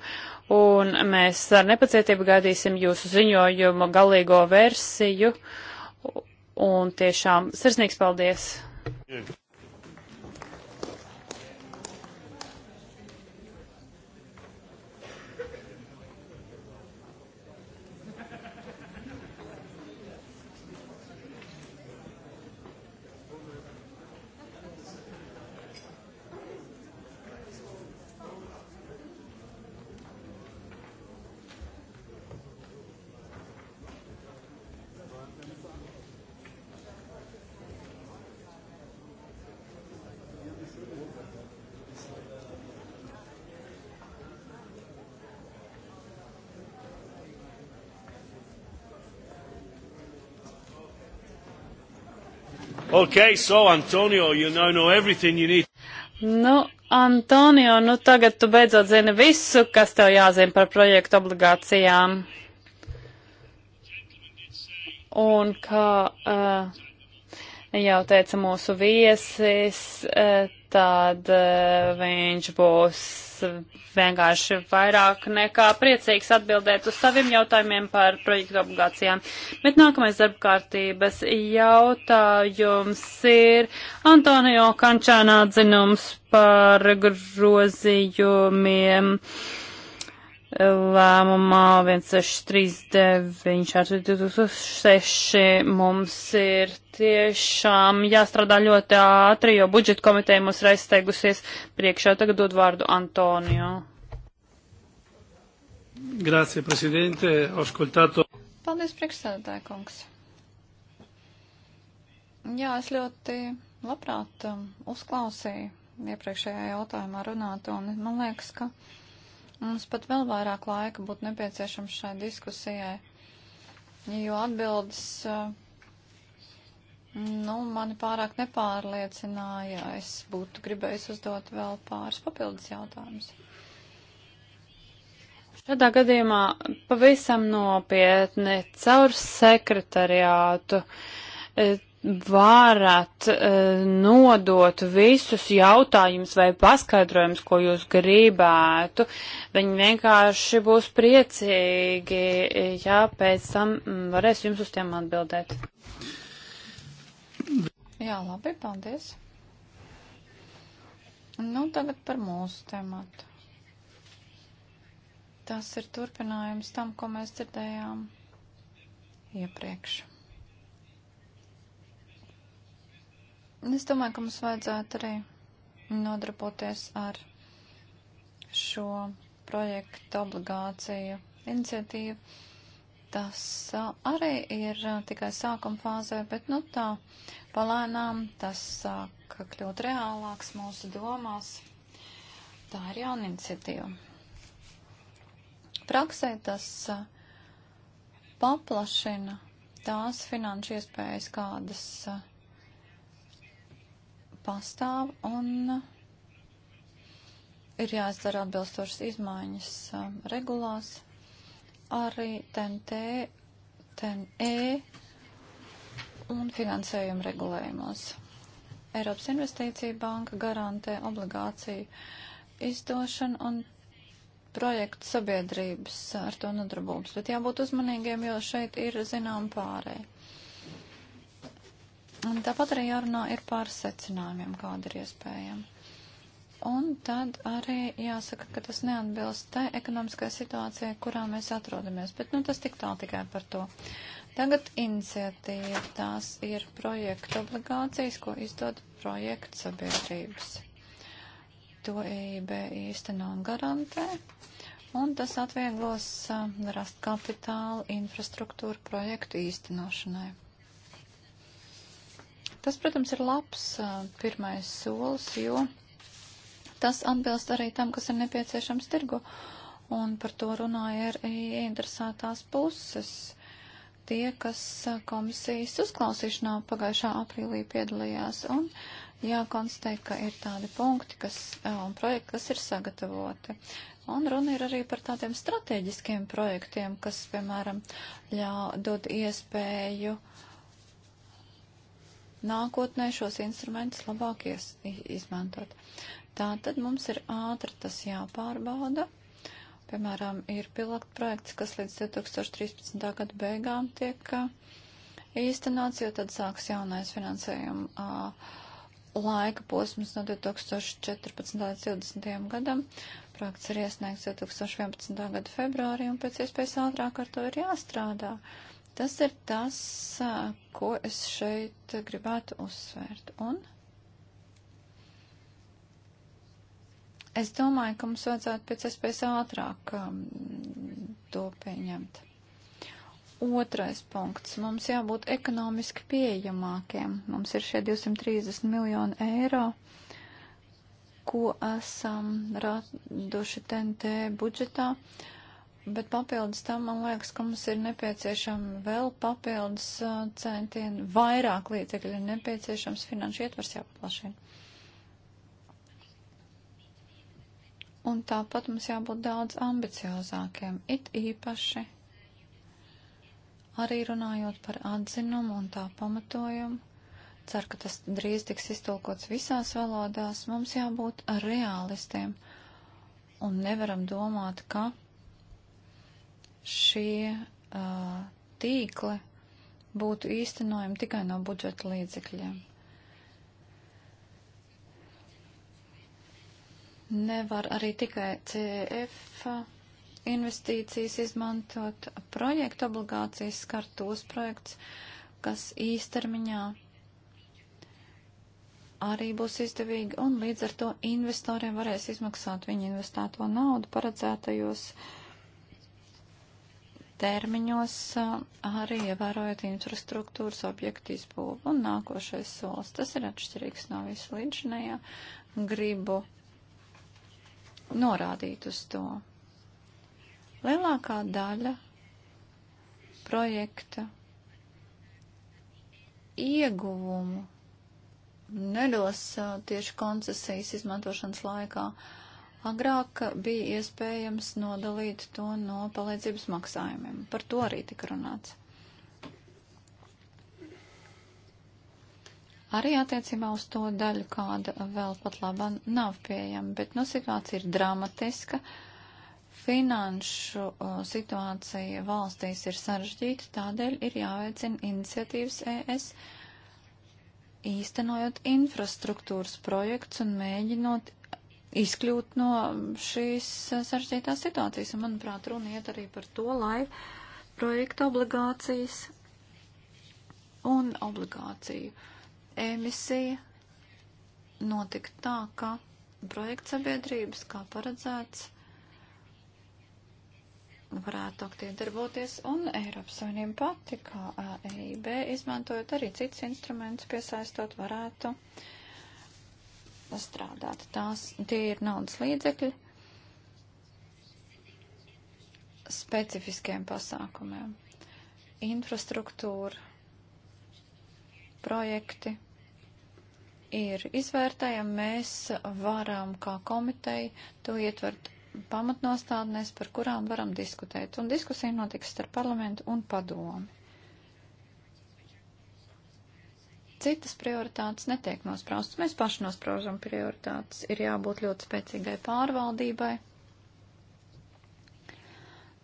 Un mēs ar nepacietību gaidīsim jūsu ziņojumu galīgo versiju. Un tiešām sirsnīgs paldies! Yeah. Okay, so Antonio, you now know everything you need. Nu, Antonio, nu tagad tu beidzot zini visu, kas tev jāzina par projektu obligācijām. Un kā uh, jau teica mūsu viesis, e, tad e, viņš būs vienkārši vairāk nekā priecīgs atbildēt uz saviem jautājumiem par projektu obligācijām. Bet nākamais darba kārtības jautājums ir Antonio Kančāna atzinums par grozījumiem. Uh, lēmumā 1639 ar 2006 mums ir tiešām jāstrādā ļoti ātri, jo budžeta komiteja mums ir aizsteigusies priekšā. Tagad dod vārdu Antonio. Grazie, prezidente. Oskultato. Paldies, priekšsēdētāja kungs. Jā, es ļoti labprāt um, uzklausīju iepriekšējā jautājumā runāt, un man liekas, ka Mums pat vēl vairāk laika būtu nepieciešams šai diskusijai, jo atbildes. Uh, Nu, mani pārāk nepārliecināja. Es būtu gribējis uzdot vēl pāris papildus jautājumus. Šādā gadījumā pavisam nopietni caur sekretariātu. Eh, varat uh, nodot visus jautājumus vai paskaidrojumus, ko jūs gribētu. Viņi vienkārši būs priecīgi, ja pēc tam mm, varēs jums uz tiem atbildēt. Jā, labi, paldies. Nu, tagad par mūsu tematu. Tas ir turpinājums tam, ko mēs dzirdējām iepriekš. Es domāju, ka mums vajadzētu arī nodarboties ar šo projektu obligāciju iniciatīvu. Tas arī ir tikai sākuma fāzē, bet nu tā palēnām tas sāk kļūt reālāks mūsu domās. Tā ir jauna iniciatīva. Praksē tas paplašina tās finanšu iespējas, kādas uh, pastāv un ir jāizdara atbilstošas izmaiņas um, regulās. Arī TNT, TNE un finansējuma regulējumos. Eiropas Investīcija banka garantē obligāciju izdošanu un projektu sabiedrības ar to nodarbības, bet jābūt uzmanīgiem, jo šeit ir zinām pārēj. Un tāpat arī jārunā ir par secinājumiem, kāda ir iespējama. Un tad arī jāsaka, ka tas neatbilst tai ekonomiskai situācijai, kurā mēs atrodamies. Bet, nu, tas tik tā tikai par to. Tagad iniciatīva tās ir projekta obligācijas, ko izdod projekta sabiedrības. To EIB īsteno un garantē. Un tas atvieglos rast kapitālu infrastruktūru projektu īstenošanai. Tas, protams, ir labs pirmais solis, jo tas atbilst arī tam, kas ir nepieciešams tirgu. Un par to runāja arī interesētās puses. Tie, kas komisijas uzklausīšanā pagājušā aprīlī piedalījās, un jākonstatē, ka ir tādi punkti kas, un projekti, kas ir sagatavoti. Un runa ir arī par tādiem strateģiskiem projektiem, kas, piemēram, ļā, dod iespēju uh, nākotnē šos instrumentus labāk ies, izmantot. Tā tad mums ir ātri tas jāpārbauda. Piemēram, ir pilotprojekts, kas līdz 2013. gada beigām tiek īstenots, jo tad sāks jaunais finansējuma laika posms no 2014. līdz 2020. gadam. Projekts ir iesniegts 2011. gada februārī un pēc iespējas ātrāk ar to ir jāstrādā. Uh, Tas ir tas, ko es šeit gribētu uzsvērt. Un es domāju, ka mums vajadzētu pēc iespējas ātrāk to pieņemt. Otrais punkts. Mums jābūt ekonomiski pieejamākiem. Mums ir šie 230 miljoni eiro, ko esam raduši TNT budžetā. Uh, Bet papildus tam, man liekas, ka mums ir nepieciešama vēl papildus centieni, vairāk līdzekļu ir nepieciešams, finanšu ietvers jāpaplašina. Un tāpat mums jābūt daudz ambiciozākiem, it īpaši arī runājot par atzinumu un tā pamatojumu. Ceru, ka tas drīz tiks iztulkots visās valodās. Mums jābūt realistiem un nevaram domāt, ka šie uh, tīkli būtu īstenojami tikai no budžeta līdzekļiem. Nevar arī tikai CF investīcijas izmantot. Projektu obligācijas skar tos projekts, kas īstermiņā arī būs izdevīgi, un līdz ar to investoriem varēs izmaksāt viņu investēto naudu paredzētajos uh, termiņos, arī ievērojot infrastruktūras objektu izbūvu un nākošais solis. Tas ir atšķirīgs no visu līdzinējā. Gribu norādīt uz to. Lielākā daļa projekta ieguvumu nedos tieši koncesijas izmantošanas laikā. Uh, Agrāk bija iespējams nodalīt to no palīdzības maksājumiem. Par to arī tika runāts. Arī attiecībā uz to daļu, kāda vēl pat labā nav pieejama, bet nu, situācija ir dramatiska. Finanšu situācija valstīs ir sarežģīta, tādēļ ir jāveicina iniciatīvas ES īstenojot infrastruktūras projekts un mēģinot izkļūt no šīs sarežģītās situācijas. Un, manuprāt, runa iet arī par to, lai projekta obligācijas un obligāciju emisija notika tā, ka projekta sabiedrības, kā paredzēts, varētu aktīvi darboties, un Eiropas Savienība pati, kā EIB, izmantojot arī citus instrumentus, piesaistot varētu uh, strādāt. Tās, tie ir naudas līdzekļi specifiskiem pasākumiem. Infrastruktūra, projekti ir izvērtējami. Mēs varam kā komiteja to ietvert pamatnostādnēs, par kurām varam diskutēt. Un diskusija notiks starp parlamentu un padomu. citas prioritātes netiek nospraustas. Mēs paši nospraužam prioritātes. Ir jābūt ļoti spēcīgai pārvaldībai.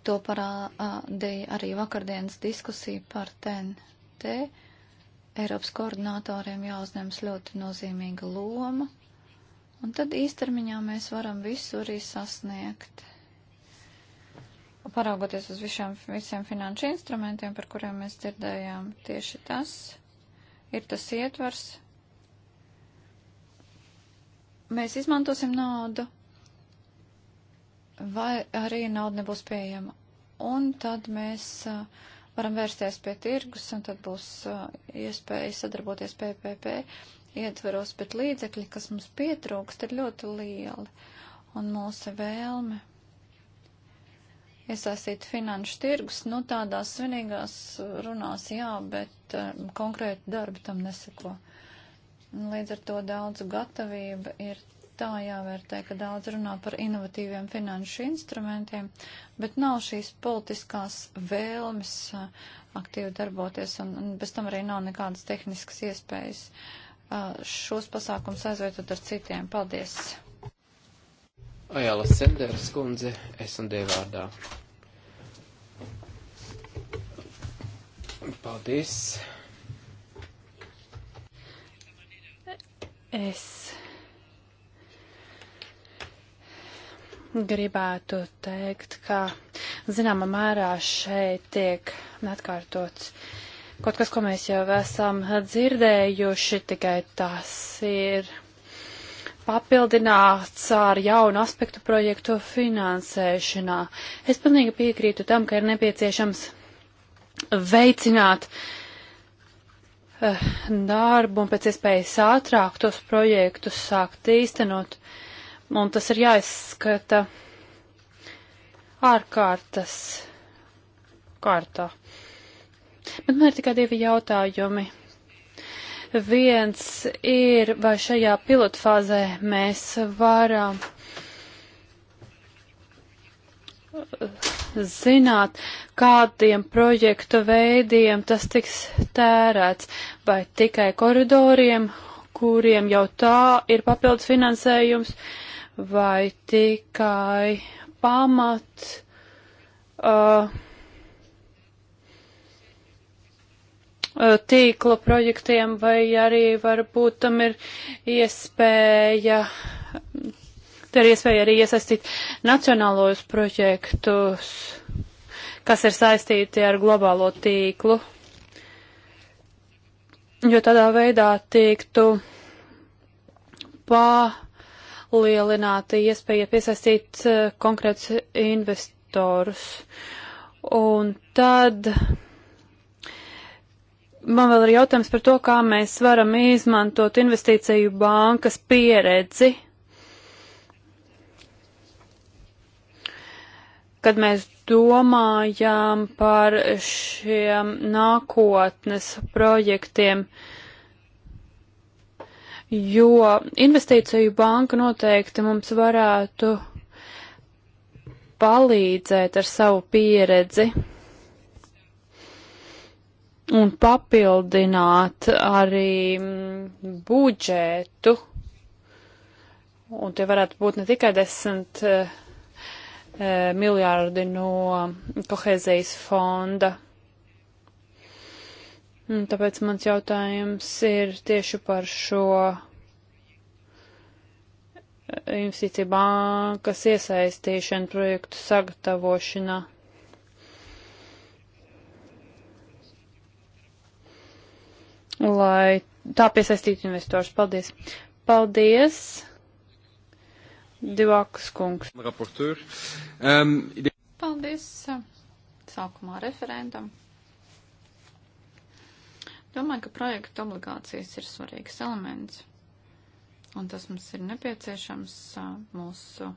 To parādīja arī vakardienas diskusija par TNT. Eiropas koordinātoriem jāuzņemas ļoti nozīmīga loma. Un tad īstermiņā mēs varam visu arī sasniegt paraugoties uz visām, visiem finanšu instrumentiem, par kuriem mēs dzirdējām tieši tas, ir tas ietvars. Mēs izmantosim naudu, vai arī nauda nebūs pieejama. Un tad mēs uh, varam vērsties pie tirgus, un tad būs uh, iespēja sadarboties PPP ietveros, bet līdzekļi, kas mums pietrūkst, ir ļoti lieli. Un mūsu vēlme iesaistīt finanšu tirgus, nu tādās svinīgās runās jā, bet uh, konkrēti darbi tam neseko. Līdz ar to daudzu gatavība ir tā jāvērtē, ka daudz runā par inovatīviem finanšu instrumentiem, bet nav šīs politiskās vēlmes uh, aktīvi darboties, un, un bez tam arī nav nekādas tehniskas iespējas uh, šos pasākums aizvietot ar citiem. Paldies! Ajala Senders kundze, es un dievārdā. Paldies. Es gribētu teikt, ka zināmā mērā šeit tiek atkārtots kaut kas, ko mēs jau esam dzirdējuši, tikai tas ir papildināts ar jaunu aspektu projektu finansēšanā. Es pilnīgi piekrītu tam, ka ir nepieciešams veicināt eh, darbu un pēc iespējas ātrāk tos projektus sākt īstenot. Un tas ir jāizskata ārkārtas kārtā. Bet man ir tikai divi jautājumi. Viens ir, vai šajā pilotfāzē mēs varam uh, zināt, kādiem projektu veidiem tas tiks tērēts, vai tikai koridoriem, kuriem jau tā ir papildus finansējums, vai tikai pamat. Uh, Uh, tīkla projektiem, vai arī varbūt tam ir iespēja, te ir iespēja arī iesaistīt nacionālos projektus, kas ir saistīti ar globālo tīklu, jo tādā veidā tiktu palielināta iespēja piesaistīt uh, konkrētus investorus. Un tad man vēl ir jautājums par to, kā mēs varam izmantot investīciju bankas pieredzi, kad mēs domājām par šiem nākotnes projektiem, jo investīciju banka noteikti mums varētu palīdzēt ar savu pieredzi un papildināt arī mm, budžetu. Un tie varētu būt ne tikai desmit e, miljārdi no kohēzijas fonda. Un tāpēc mans jautājums ir tieši par šo eh, investīciju bankas iesaistīšanu projektu sagatavošanā. lai tā piesaistītu investors. Paldies! Paldies! Divākas kungs. Um, Paldies uh, sākumā referendam. Domāju, ka projekta obligācijas ir svarīgs elements, un tas mums ir nepieciešams uh, mūsu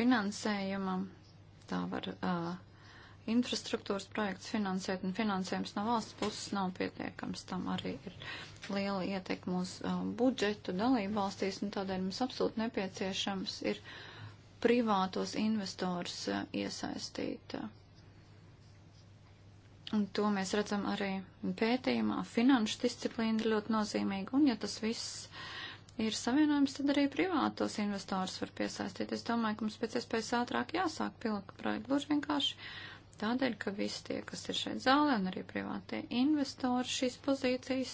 finansējumam. Tā var uh, infrastruktūras projekts finansēt, un finansējums no valsts puses nav pietiekams. Tam arī ir liela ietekma uz uh, budžetu dalību valstīs, un tādēļ mums absolūti nepieciešams ir privātos investors uh, iesaistīt. Un to mēs redzam arī pētījumā. Finanšu disciplīna ir ļoti nozīmīga, un ja tas viss ir savienojums, tad arī privātos investors var piesaistīt. Es domāju, ka mums pēc iespējas ātrāk jāsāk pilota projektu. Gluži vienkārši tādēļ, ka visi tie, kas ir šeit zālē un arī privātie investori, šīs pozīcijas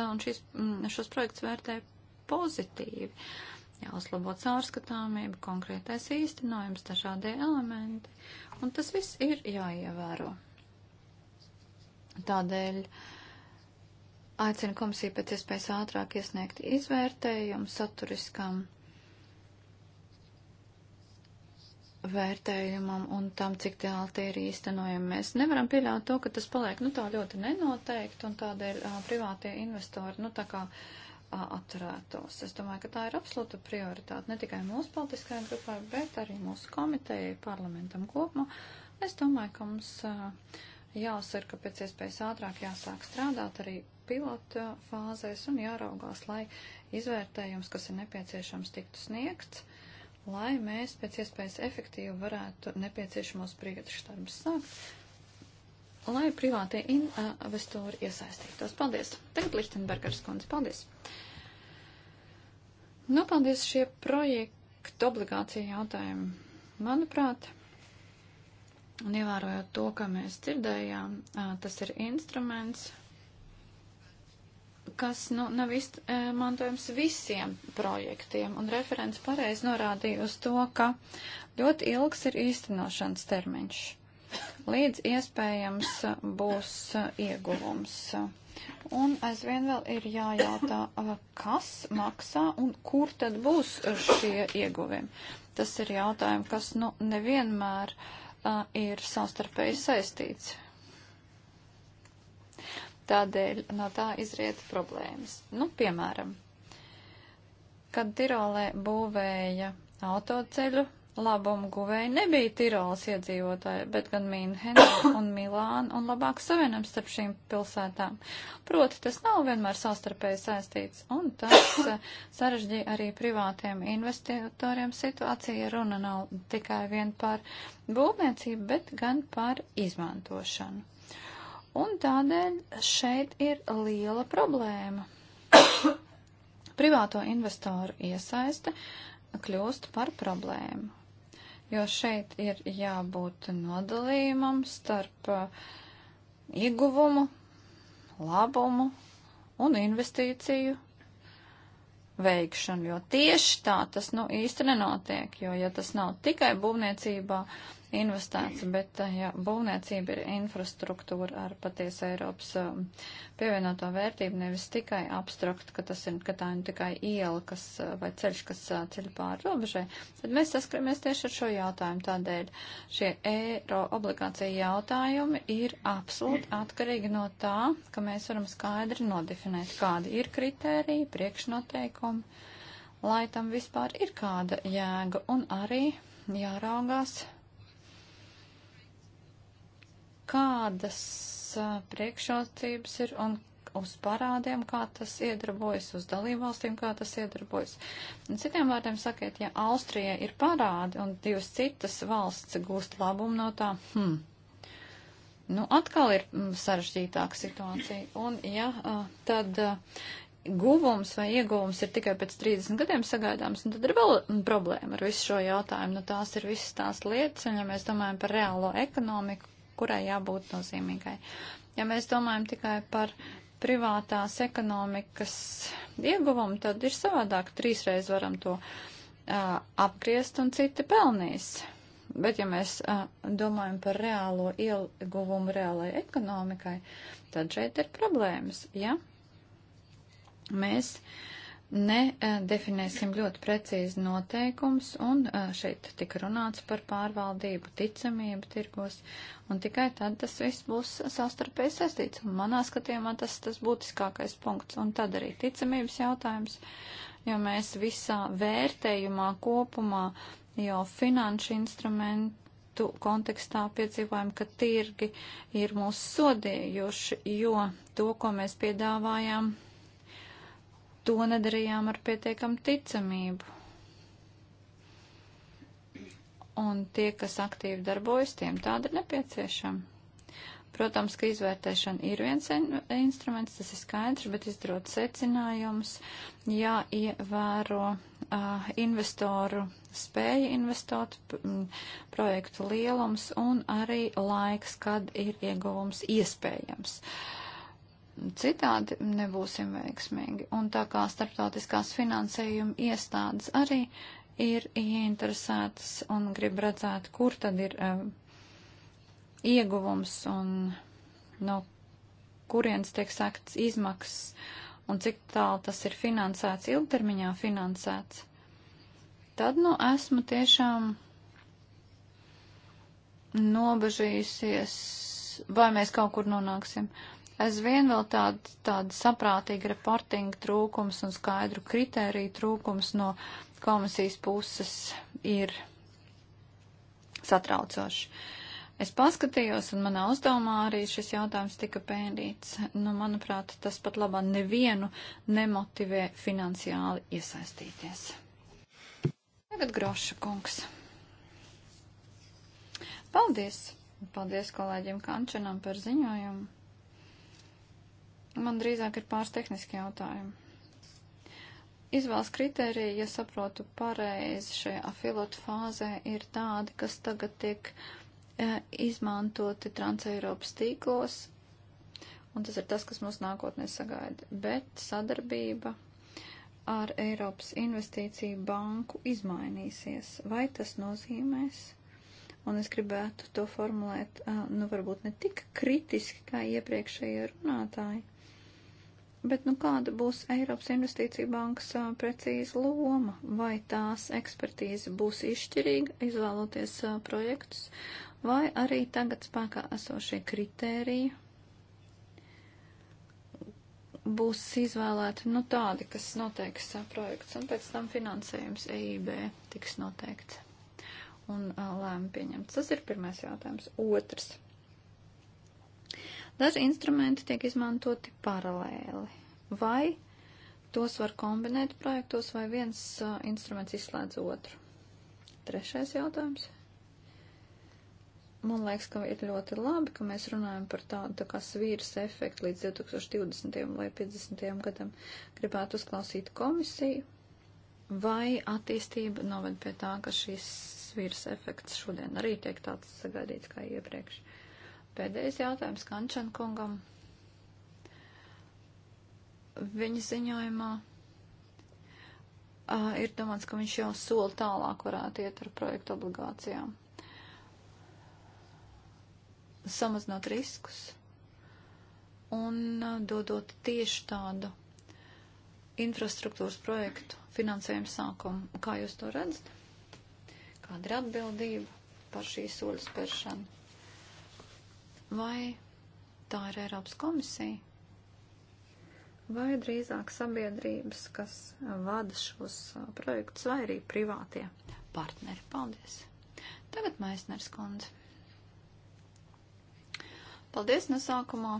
un šīs, mm, šos projekts vērtē pozitīvi. Jāuzlabo caurskatāmība, konkrētais īstenojums, dažādie elementi, un tas viss ir jāievēro. Tādēļ aicinu komisiju pēc iespējas ātrāk iesniegt izvērtējumu saturiskam vērtējumam un tam, cik tālu tie ir īstenojami. Mēs nevaram pieļaut to, ka tas paliek nu, tā ļoti nenoteikti un tādēļ a, privātie investori nu, tā kā a, atturētos. Es domāju, ka tā ir absolūta prioritāte ne tikai mūsu politiskajai grupai, bet arī mūsu komitejai, parlamentam kopumā. Es domāju, ka mums a, jāuzsver, ka pēc iespējas ātrāk jāsāk strādāt arī pilota fāzēs un jāraugās, lai izvērtējums, kas ir nepieciešams, tiktu sniegts lai mēs pēc iespējas efektīvi varētu nepieciešamos priekšstarpus sākt, lai privātie investori iesaistītos. Paldies! Tagad Lichtenbergers kundze, paldies! Nu, paldies šie projektu obligācija jautājumi. Manuprāt, un ievērojot to, kā mēs dzirdējām, tas ir instruments, kas nu, nav izmantojams e, visiem projektiem, un referents pareizi norādīja uz to, ka ļoti ilgs ir īstenošanas termiņš, līdz iespējams e, būs e, ieguvums. Un aizvien vēl ir jājautā, kas maksā un kur tad būs šie ieguvumi. Tas ir jautājums, kas nu, nevienmēr uh, ir savstarpēji saistīts tādēļ no tā izriet problēmas. Nu, piemēram, kad Tirolē būvēja autoceļu, labumu guvēji nebija Tirolas iedzīvotāji, bet gan Mīnhena un Milāna un labāk savienam starp šīm pilsētām. Proti, tas nav vienmēr savstarpēji saistīts, un tas eh, sarežģīja arī privātiem investitoriem situācija. Runa nav tikai vien par būvniecību, bet gan par izmantošanu. Un tādēļ šeit ir liela problēma. Privāto investoru iesaiste kļūst par problēmu, jo šeit ir jābūt nodalījumam starp uh, ieguvumu, labumu un investīciju veikšanu, jo tieši tā tas nu īsti nenotiek, jo ja tas nav tikai būvniecībā, investēts, bet eh, ja būvniecība ir infrastruktūra ar patiesu Eiropas um, pievienoto vērtību, nevis tikai abstrakt, ka, tas ir, ka tā ir tikai iela kas, eh, vai ceļš, kas eh, ceļ pāri robežai, tad mēs saskaramies tieši ar šo jautājumu. Tādēļ šie eiro obligācija jautājumi ir absolūti atkarīgi no tā, ka mēs varam skaidri nodefinēt, kādi ir kritēriji, priekšnoteikumi lai tam vispār ir kāda jēga, un arī jāraugās, kādas priekšrocības ir un uz parādiem, kā tas iedarbojas, uz dalībvalstīm, kā tas iedarbojas. Un citiem vārdiem sakiet, ja Austrija ir parādi un divas citas valsts gūst labumu no tā, hmm, nu atkal ir mm, sarežģītāka situācija. Un ja tad guvums vai ieguvums ir tikai pēc 30 gadiem sagaidāms, un nu, tad ir vēl problēma ar visu šo jautājumu. Nu, tās ir visas tās lietas, un ja mēs domājam par reālo ekonomiku, kurai jābūt nozīmīgai. Ja mēs domājam tikai par privātās ekonomikas ieguvumu, tad ir savādāk. Trīsreiz varam to uh, apgriezt un citi pelnīs. Bet, ja mēs uh, domājam par reālo ieguvumu reālai ekonomikai, tad šeit ir problēmas. Ja? Mēs uh, nedefinēsim ļoti precīzi noteikums, un šeit tika runāts par pārvaldību, ticamību tirgos, un tikai tad tas viss būs sastarpēji saistīts. Un manā skatījumā tas tas būtiskākais punkts, un tad arī ticamības jautājums, jo mēs visā vērtējumā kopumā jau finanšu instrumentu kontekstā piedzīvojam, ka tirgi ir mūs sodījuši, jo to, ko mēs piedāvājām, to nedarījām ar pietiekam ticamību. Un tie, kas aktīvi darbojas, tiem tāda ir nepieciešama. Protams, ka izvērtēšana ir viens instruments, tas ir skaidrs, bet izdarot secinājumus, jāievēro uh, investoru spēja investot, projektu lielums un arī laiks, kad ir ieguvums iespējams. Uh, citādi nebūsim veiksmīgi. Un tā kā starptautiskās finansējuma iestādes arī ir ieinteresētas un grib redzēt, kur tad ir um, ieguvums un no kurienes tiek sākts izmaksas un cik tālu tas ir finansēts, ilgtermiņā finansēts, tad nu esmu tiešām nobežījusies, vai mēs kaut kur nonāksim. Uh, aizvien vēl tāda, tāda saprātīga reportinga trūkums un skaidru kritēriju trūkums no komisijas puses ir satraucoši. Es paskatījos, un manā uzdevumā arī šis jautājums tika pēdīts. Nu, manuprāt, tas pat labā nevienu nemotivē finansiāli iesaistīties. Tagad Groša kungs. Paldies! Paldies kolēģiem Kančanam par ziņojumu. Man drīzāk ir pāris tehniski jautājumi. Izvēles kritērija, ja saprotu pareizi, šajā filotu fāzē ir tādi, kas tagad tiek e, izmantoti Transeiropas tīklos, un tas ir tas, kas mūs nākotnē sagaida. Bet sadarbība ar Eiropas investīciju banku izmainīsies. Vai tas nozīmēs? Un es gribētu to formulēt, e, nu varbūt ne tik kritiski kā iepriekšējie runātāji, Bet nu, kāda būs Eiropas Investīcija bankas precīza loma? Vai tās ekspertīze būs izšķirīga, izvēloties a, projektus, vai arī tagad spēkā esošie kritēriji būs izvēlēti nu, tādi, kas noteiks a, projekts, un pēc tam finansējums EIB tiks noteikts un lēma pieņemts? Tas ir pirmais jautājums. Otrs. Daži instrumenti tiek izmantoti paralēli vai tos var kombinēt projektos vai viens uh, instruments izslēdz otru. Trešais jautājums. Man liekas, ka ir ļoti labi, ka mēs runājam par tādu tā kā svīras efektu līdz 2020. vai 50. gadam. Gribētu uzklausīt komisiju, vai attīstība noved pie tā, ka šīs svīras efekts šodien arī tiek tāds sagaidīts kā iepriekš. Pēdējais jautājums Kančan kungam. Viņa ziņojumā uh, ir domāts, ka viņš jau soli tālāk varētu iet ar projektu obligācijām. Samazinot riskus un uh, dodot tieši tādu infrastruktūras projektu finansējumu sākumu. Kā jūs to redzat? Kāda ir atbildība par šī soļu spēršanu? Vai tā ir Eiropas komisija? Vai drīzāk sabiedrības, kas vada šos uh, projektus, vai arī privātie partneri? Paldies! Tagad Maisners kundze. Paldies nesākumā.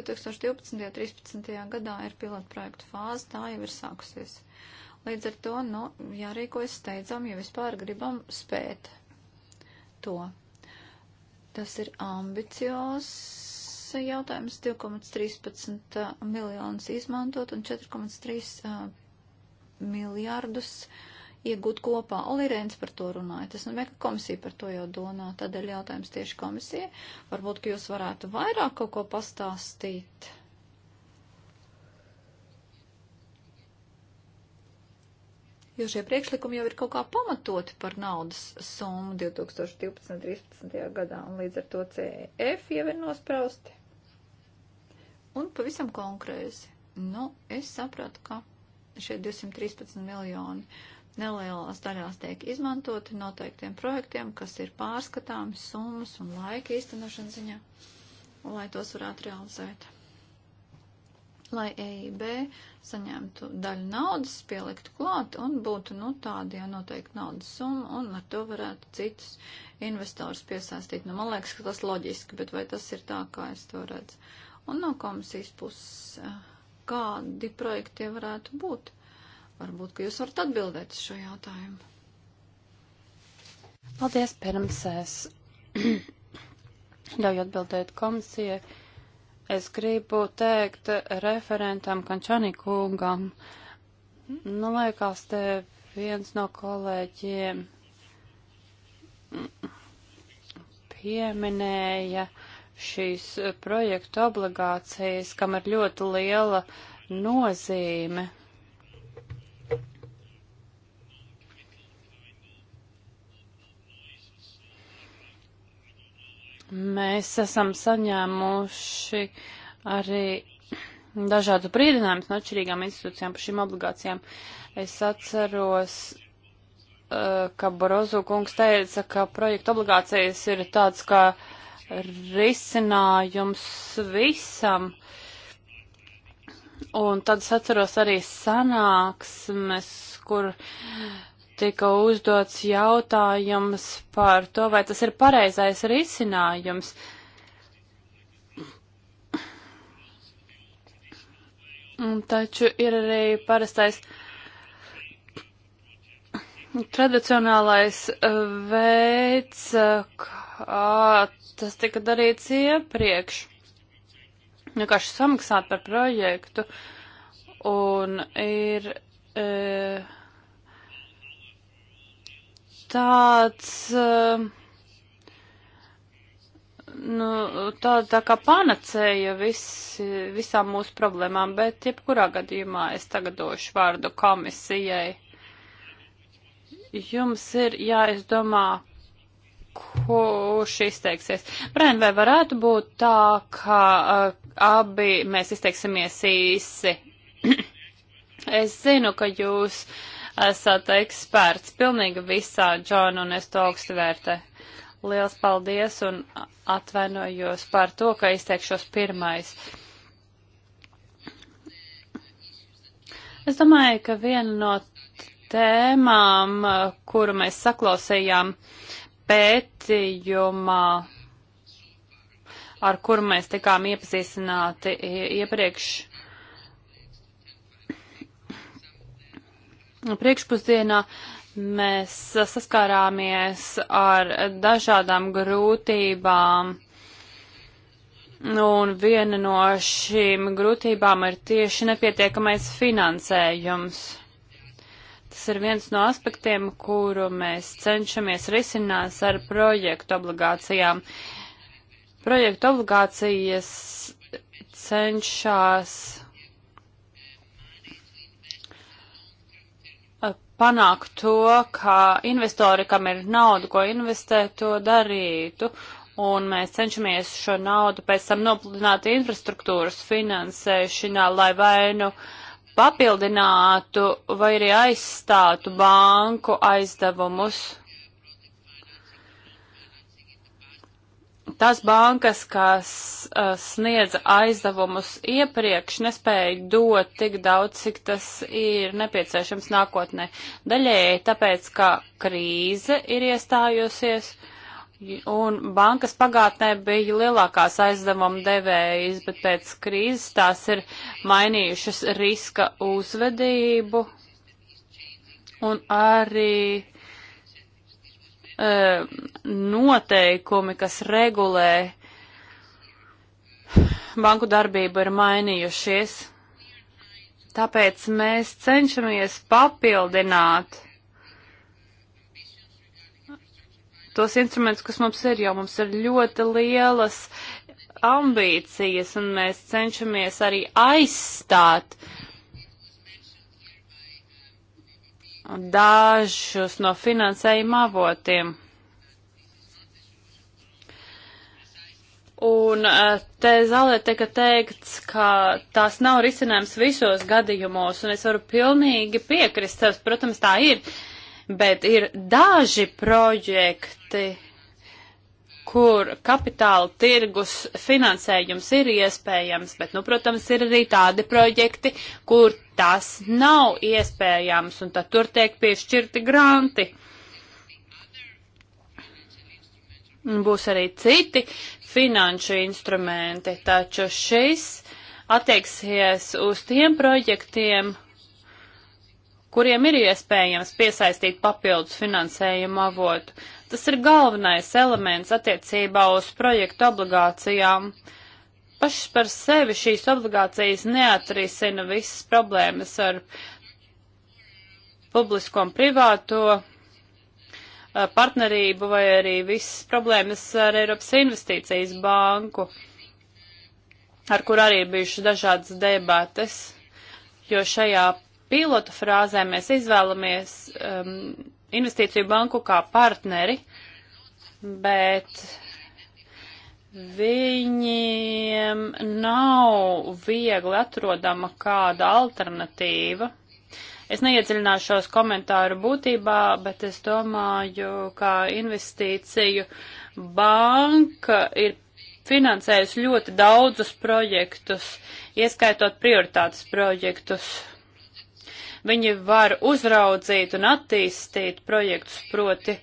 2012. un 2013. gadā ir pilotprojektu fāze, tā jau ir sākusies. Līdz ar to, nu, jārīkojas steidzam, ja vispār gribam spēt to Tas ir ambiciozs jautājums. 2,13 miljonus izmantot un 4,3 miljārdus iegūt kopā. Olirēns par to runāja. Tas nozīmē, ka komisija par to jau domā. Tādēļ jautājums tieši komisijai. Varbūt, ka jūs varētu vairāk kaut ko pastāstīt jo šie priekšlikumi jau ir kaut kā pamatoti par naudas summu 2012-2013. gadā, un līdz ar to CF jau ir nosprausti. Un pavisam konkrēti, nu, es sapratu, ka šie 213 miljoni nelielās daļās tiek izmantoti noteiktiem projektiem, kas ir pārskatāmi summas un laika īstenošanas ziņā, lai tos varētu realizēt lai EIB saņemtu daļu naudas, pieliktu klāt un būtu, nu, tāda jau noteikti naudas summa, un ar to varētu citus investors piesaistīt. Nu, man liekas, ka tas loģiski, bet vai tas ir tā, kā es to redzu? Un no komisijas puses, kādi projekti tie varētu būt? Varbūt, ka jūs varat atbildēt uz šo jautājumu. Paldies, pirms es ļauju atbildēt komisijai. Es gribu teikt referentam Kančani kungam, nu liekas, te viens no kolēģiem pieminēja šīs projektu obligācijas, kam ir ļoti liela nozīme. Mēs esam saņēmuši arī dažādu brīdinājumus no atšķirīgām institūcijām par šīm obligācijām. Es atceros, ka Barozu kungs teica, ka projekta obligācijas ir tāds kā risinājums visam. Un tad es atceros arī sanāksmes, kur uh, tika uzdots jautājums par to, vai tas ir pareizais risinājums. Un taču ir arī parastais tradicionālais uh, veids, uh, kā tas tika darīts iepriekš. Vienkārši samaksāt par projektu un ir. E, tāds, eh, nu, tāda tā kā panacēja vis, visām mūsu problēmām, bet jebkurā gadījumā es tagad došu vārdu komisijai. Jums ir jāizdomā, kurš izteiksies. Bren, vai varētu būt tā, ka uh, abi mēs izteiksimies īsi? es zinu, ka jūs uh, esat eksperts pilnīgi visā, Džona, un es to augstu vērtēju. Liels paldies un atvainojos par to, ka izteikšos pirmais. Es domāju, ka viena no tēmām, kuru mēs saklausījām pētījumā, ar kuru mēs tikām iepazīstināti iepriekš priekšpusdienā mēs saskārāmies ar dažādām grūtībām. Un viena no šīm grūtībām ir tieši nepietiekamais finansējums. Tas ir viens no aspektiem, kuru mēs cenšamies risināt ar projektu obligācijām. Projektu obligācijas cenšas panākt to, ka investori, kam ir nauda, ko investēt, to darītu. Un mēs cenšamies šo naudu pēc tam nopludināt infrastruktūras finansēšanā, lai vainu papildinātu vai arī aizstātu banku aizdevumus. tās bankas, kas uh, sniedza aizdevumus iepriekš, nespēja dot tik daudz, cik tas ir nepieciešams nākotnē. Daļēji tāpēc, ka krīze ir iestājusies. Un bankas pagātnē bija lielākās aizdevuma devējas, bet pēc krīzes tās ir mainījušas riska uzvedību un arī uh, Eh, noteikumi, kas regulē banku darbību, ir mainījušies. Tāpēc mēs cenšamies papildināt tos instrumentus, kas mums ir, jo mums ir ļoti lielas ambīcijas, un mēs cenšamies arī aizstāt uh, dažus no finansējuma avotiem. Un e, te zālē tika teikts, ka tās nav risinājums visos gadījumos, un es varu pilnīgi piekrist, protams, tā ir, bet ir daži projekti, kur kapitāla tirgus finansējums ir iespējams, bet, nu, protams, ir arī tādi projekti, kur tas nav iespējams, un tad tur tiek piešķirti granti. Būs arī citi finanšu instrumenti, taču šis attieksies uz tiem projektiem, kuriem ir iespējams piesaistīt papildus finansējumu avotu. Tas ir galvenais elements attiecībā uz projektu obligācijām. Pašas par sevi šīs obligācijas neatrisina visas problēmas ar publisko un privāto eh, partnerību vai arī visas problēmas ar Eiropas investīcijas banku, ar kur arī bijušas dažādas debates, jo šajā pilotu frāzē mēs izvēlamies um, investīciju banku kā partneri, bet viņiem nav viegli atrodama kāda alternatīva. Es neiedziļināšos komentāru būtībā, bet es domāju, ka investīciju banka ir finansējusi ļoti daudzus projektus, ieskaitot prioritātes projektus. Viņi var uzraudzīt un attīstīt projektus, proti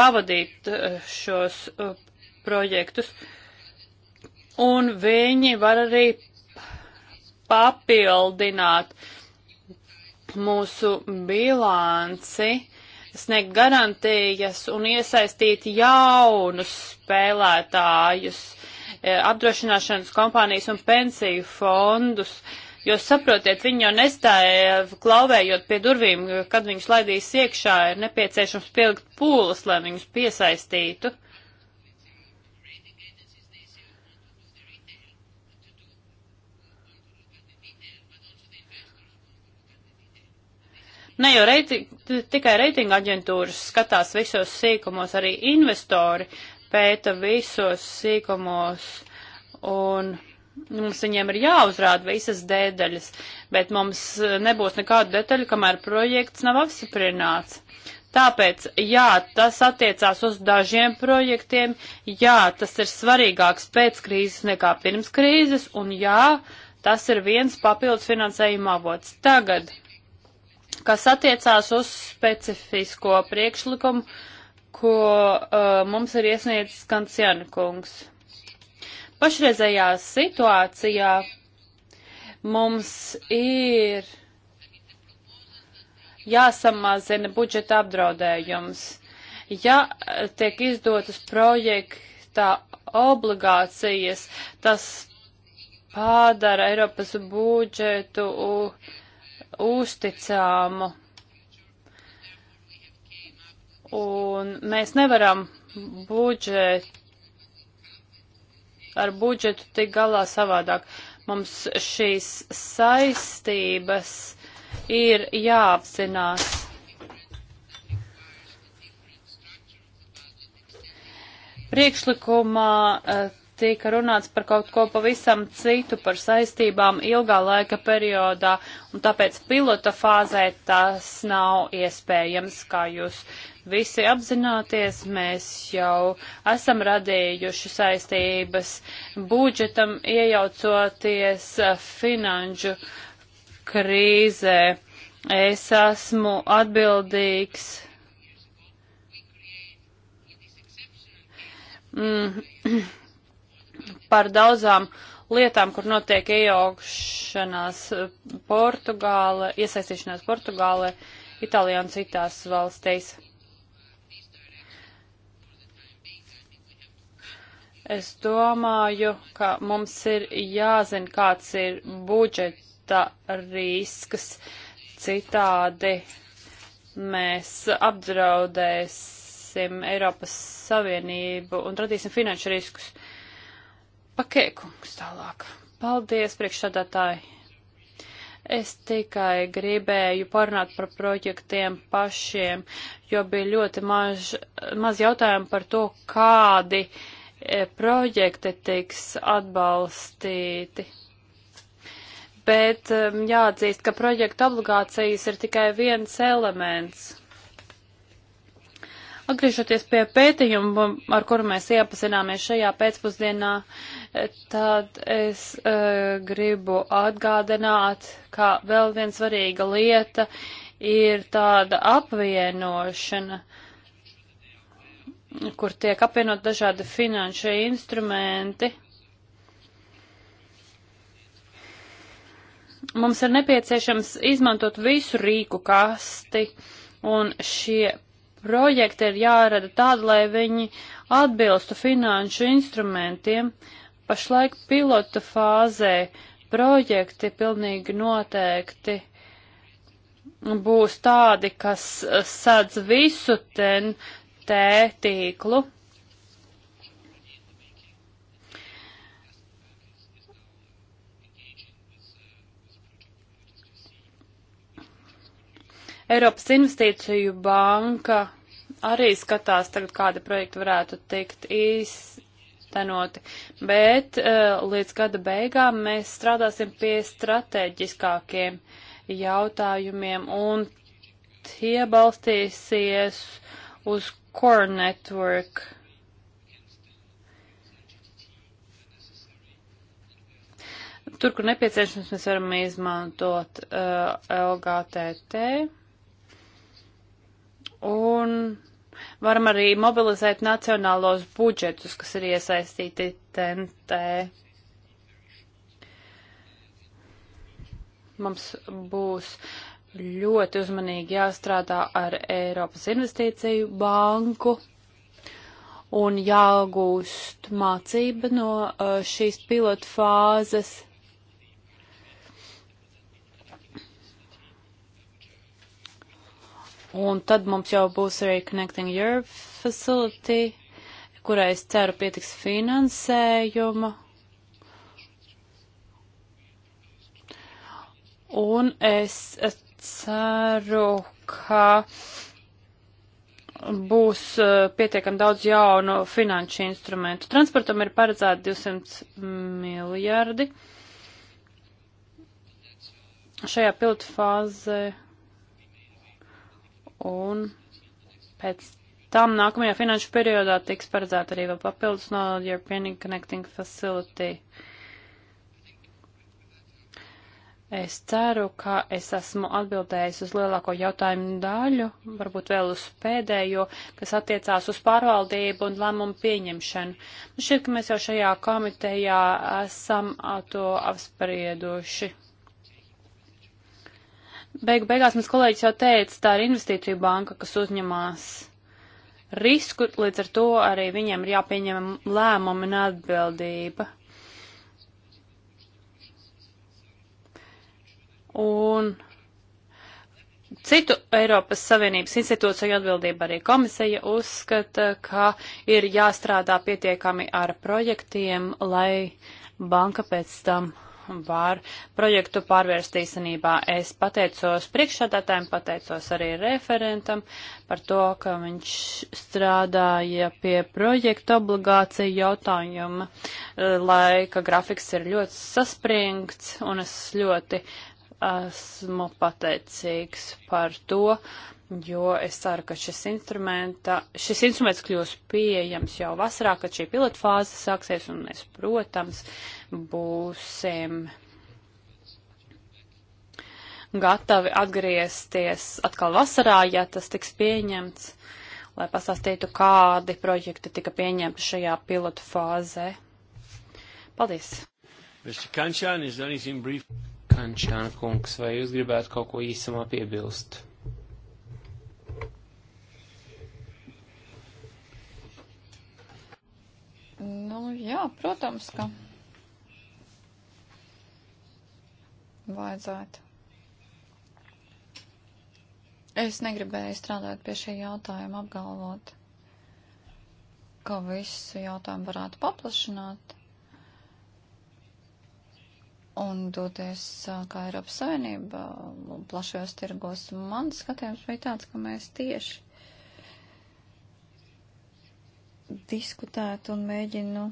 pavadīt eh, šos eh, projektus. Un viņi var arī papildināt mūsu bilanci, sniegt garantijas un iesaistīt jaunus spēlētājus, eh, apdrošināšanas kompānijas un pensiju fondus. Uh, Jo saprotiet, viņi jau nestāja klauvējot pie durvīm, kad viņus laidīs iekšā, ir nepieciešams pielikt pūles, lai viņus piesaistītu. Ne jau reiting, tikai reitinga aģentūras skatās visos sīkumos, arī investori pēta visos sīkumos un Mums viņiem ir jāuzrāda visas dēļas, bet mums eh, nebūs nekādu detaļu, kamēr projekts nav apsiprināts. Tāpēc, jā, tas attiecās uz dažiem projektiem, jā, tas ir svarīgāks pēc krīzes nekā pirms krīzes, un jā, tas ir viens papildus finansējuma avots. Tagad, kas attiecās uz specifisko priekšlikumu, ko uh, mums ir iesniedzis Kanciana kungs. Pašreizējā situācijā mums ir jāsamazina budžeta apdraudējums. Ja tiek izdotas projektā obligācijas, tas pādara Eiropas budžetu uzticāmu. Un mēs nevaram budžetu ar budžetu tik galā savādāk. Mums šīs saistības ir jāapzinās. Priekšlikumā eh, tika runāts par kaut ko pavisam citu, par saistībām ilgā laika periodā, un tāpēc pilota fāzē tas nav iespējams, kā jūs visi apzināties, mēs jau esam radījuši saistības budžetam iejaucoties eh, finanšu krīzē. Es esmu atbildīgs. Mm, par daudzām lietām, kur notiek iejaukšanās eh, Portugāle, iesaistīšanās Portugāle, Itālijā un citās valstīs. Es domāju, ka mums ir jāzina, kāds ir budžeta risks. Citādi mēs apdraudēsim Eiropas Savienību un radīsim finanšu riskus. Pakēkungs tālāk. Paldies, priekšsādātāji. Es tikai gribēju parunāt par projektiem pašiem, jo bija ļoti maz, maz jautājumu par to, kādi uh, E, projekti tiks atbalstīti. Bet um, jāatzīst, ka projekta obligācijas ir tikai viens elements. Atgriežoties pie pētījuma, ar kuru mēs iepazināmies šajā pēcpusdienā, e, tad es uh, gribu atgādināt, ka vēl viena svarīga lieta ir tāda apvienošana. Uh, kur tiek apvienot dažādi finanšu instrumenti. Mums ir nepieciešams izmantot visu rīku kasti, un šie projekti ir jārada tādi, lai viņi atbilstu finanšu instrumentiem. Pašlaik pilota fāzē projekti pilnīgi noteikti būs tādi, kas eh, sadz visu ten T tīklu. Eiropas Investīciju banka arī skatās tagad, kāda projekta varētu tikt īstenoti, bet eh, līdz gada beigām mēs strādāsim pie strateģiskākiem jautājumiem un tie balstīsies uz Core Network. Tur, kur nepieciešams, mēs varam izmantot uh, LGTT. Un varam arī mobilizēt nacionālos budžetus, kas ir iesaistīti TNT. Mums būs uh, ļoti uzmanīgi jāstrādā ar Eiropas investīciju banku un jāgūst mācība no uh, šīs pilotu fāzes. Un tad mums jau būs arī Connecting Europe Facility, kurai es ceru pietiks finansējuma. Un es, es ceru, ka būs uh, eh, pietiekami daudz jaunu finanšu instrumentu. Transportam ir paredzēti 200 miljardi. Šajā pilotu fāzē un pēc tam nākamajā finanšu periodā tiks paredzēta arī vēl papildus no European Connecting Facility. Uh, Es ceru, ka es esmu atbildējis uz lielāko jautājumu daļu, varbūt vēl uz pēdējo, kas attiecās uz pārvaldību un lēmumu pieņemšanu. Nu, šķiet, ka mēs jau šajā komitejā esam to apsprieduši. Beigu beigās mums kolēģis jau teica, tā ir investīciju banka, kas uzņemās risku, līdz ar to arī viņiem ir jāpieņem lēmumi un atbildība. un citu Eiropas Savienības institūciju atbildība arī komisija uzskata, ka ir jāstrādā pietiekami ar projektiem, lai banka pēc tam var projektu pārvērst īstenībā. Es pateicos priekšsādātājiem, pateicos arī referentam par to, ka viņš strādāja pie projektu obligāciju jautājuma. Eh, Laika grafiks ir ļoti saspringts, un es ļoti esmu pateicīgs par to, jo es ceru, ka šis, šis instruments kļūs pieejams jau vasarā, kad šī pilotfāze sāksies, un mēs, protams, būsim gatavi atgriezties atkal vasarā, ja tas tiks pieņemts, lai pastāstītu, kādi projekti tika pieņemti šajā pilotu fāzē. Paldies! Mr. Kanchan, is there anything brief? Kančāna kungs, vai jūs gribētu kaut ko īsumā piebilst? Nu, jā, protams, ka vajadzētu. Es negribēju strādāt pie šī jautājuma, apgalvot, ka visu jautājumu varētu paplašināt un doties kā Eiropas Savienība plašajos tirgos. Man skatījums bija tāds, ka mēs tieši diskutētu un mēģinu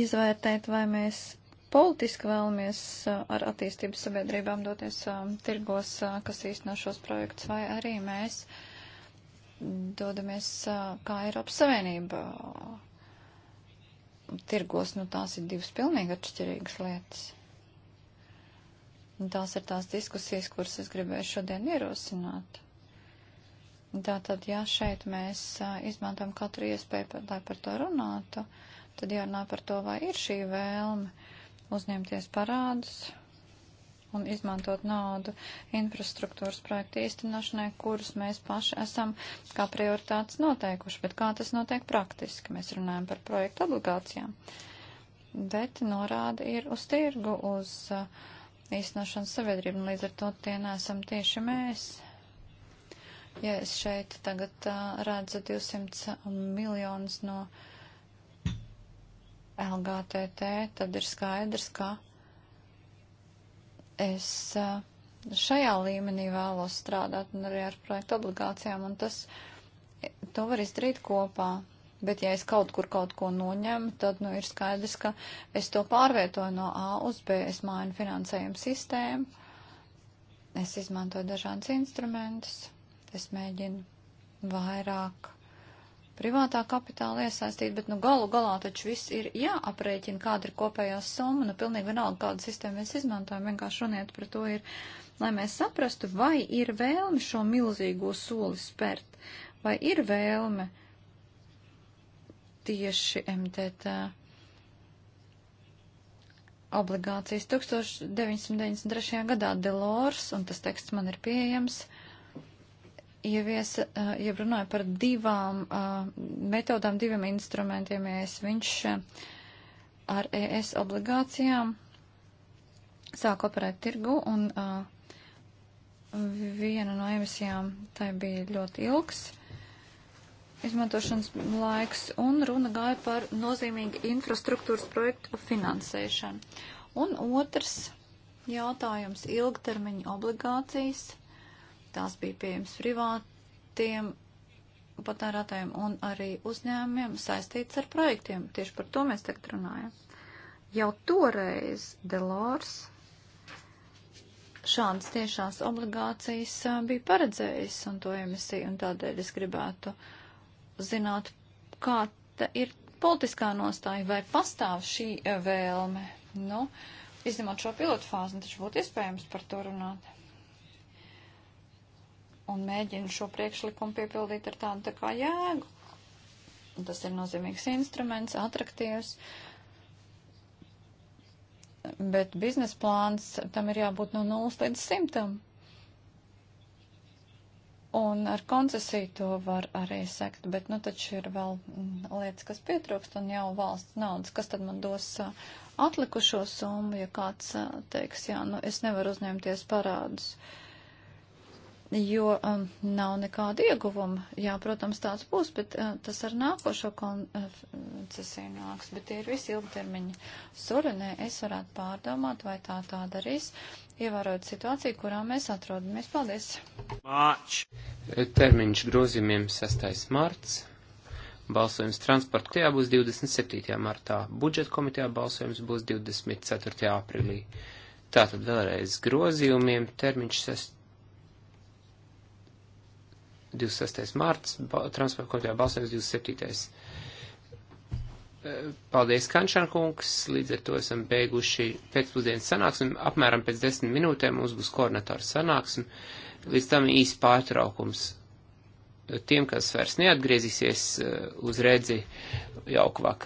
izvērtēt, vai mēs politiski vēlamies ar attīstības sabiedrībām doties tirgos, kas īsteno šos projektus, vai arī mēs dodamies kā Eiropas Savienība tirgos, nu tās ir divas pilnīgi atšķirīgas lietas. Un tās ir tās diskusijas, kuras es gribēju šodien ierosināt. Tātad, ja šeit mēs a, izmantojam katru iespēju, par, lai par to runātu, tad jārunā par to, vai ir šī vēlme uzņemties parādus, un izmantot naudu infrastruktūras projektu īstenošanai, kurus mēs paši esam kā prioritātes noteikuši. Bet kā tas notiek praktiski? Mēs runājam par projektu obligācijām. Bet norāda ir uz tirgu, uz uh, īstenošanas sabiedrību, un līdz ar to tie nesam tieši mēs. Ja es šeit tagad uh, redzu 200 miljonus no LGTT, tad ir skaidrs, ka Es eh, šajā līmenī vēlos strādāt un arī ar projektu obligācijām, un tas, to var izdarīt kopā. Bet ja es kaut kur kaut ko noņemu, tad nu, ir skaidrs, ka es to pārvietoju no A uz B, es mainu finansējumu sistēmu, es izmantoju dažādus instrumentus, es mēģinu vairāk privātā kapitāla iesaistīt, bet nu galu galā taču viss ir jāaprēķina, kāda ir kopējā summa, nu pilnīgi vienalga, kādu sistēmu mēs izmantojam, vienkārši runiet par to ir, lai mēs saprastu, vai ir vēlme šo milzīgo soli spērt, vai ir vēlme tieši MTT obligācijas 1993. gadā Delors, un tas teksts man ir pieejams, uh, ieviesa, eh, jeb runāja par divām eh, metodām, diviem instrumentiem ES. Viņš eh, ar ES obligācijām sāk operēt tirgu un viena no emisijām tai bija ļoti ilgs izmantošanas laiks un runa gāja par nozīmīgu infrastruktūras projektu finansēšanu. Un otrs jautājums - ilgtermiņa obligācijas tās bija pieejamas privātiem patērētājiem un arī uzņēmumiem saistīts ar projektiem. Tieši par to mēs tagad runājam. Jau toreiz Delors šādas tiešās obligācijas bija paredzējis un to emisiju, un tādēļ es gribētu zināt, kā ir politiskā nostāja, vai pastāv šī vēlme. Nu, izņemot šo pilotu fāzi, nu, taču būtu iespējams par to runāt un mēģina šo priekšlikumu piepildīt ar tādu tā kā jēgu. Un tas ir nozīmīgs instruments, atraktīvs. Bet biznesa plāns tam ir jābūt no 0 līdz 100. Un ar koncesiju to var arī sekt, bet nu taču ir vēl mm, lietas, kas pietrūkst un jau valsts naudas. Kas tad man dos atlikušo summu, ja kāds teiks, jā, nu es nevaru uzņemties parādus. Uh, jo um, nav nekāda ieguvuma. Jā, protams, tāds būs, bet uh, tas ar nākošo koncesiju nāks, bet tie ir visi ilgtermiņa surinē. Es varētu pārdomāt, vai tā tā darīs, ievērot situāciju, kurā mēs atrodamies. Paldies! Māč! Termiņš grozījumiem 6. marts. Balsojums transporta komitejā būs 27. martā, budžeta komitejā balsojums būs 24. aprīlī. Tātad vēlreiz grozījumiem termiņš 6. 26. mārts, transporta komitejā balsojums 27. E, paldies, Kančankungs, līdz ar to esam beiguši pēcpusdienas sanāksmi, apmēram pēc desmit minūtēm mums būs koordinatora sanāksmi, līdz tam īsi pārtraukums. Tiem, kas vairs neatgriezīsies e, uz redzi, jauku vakaru.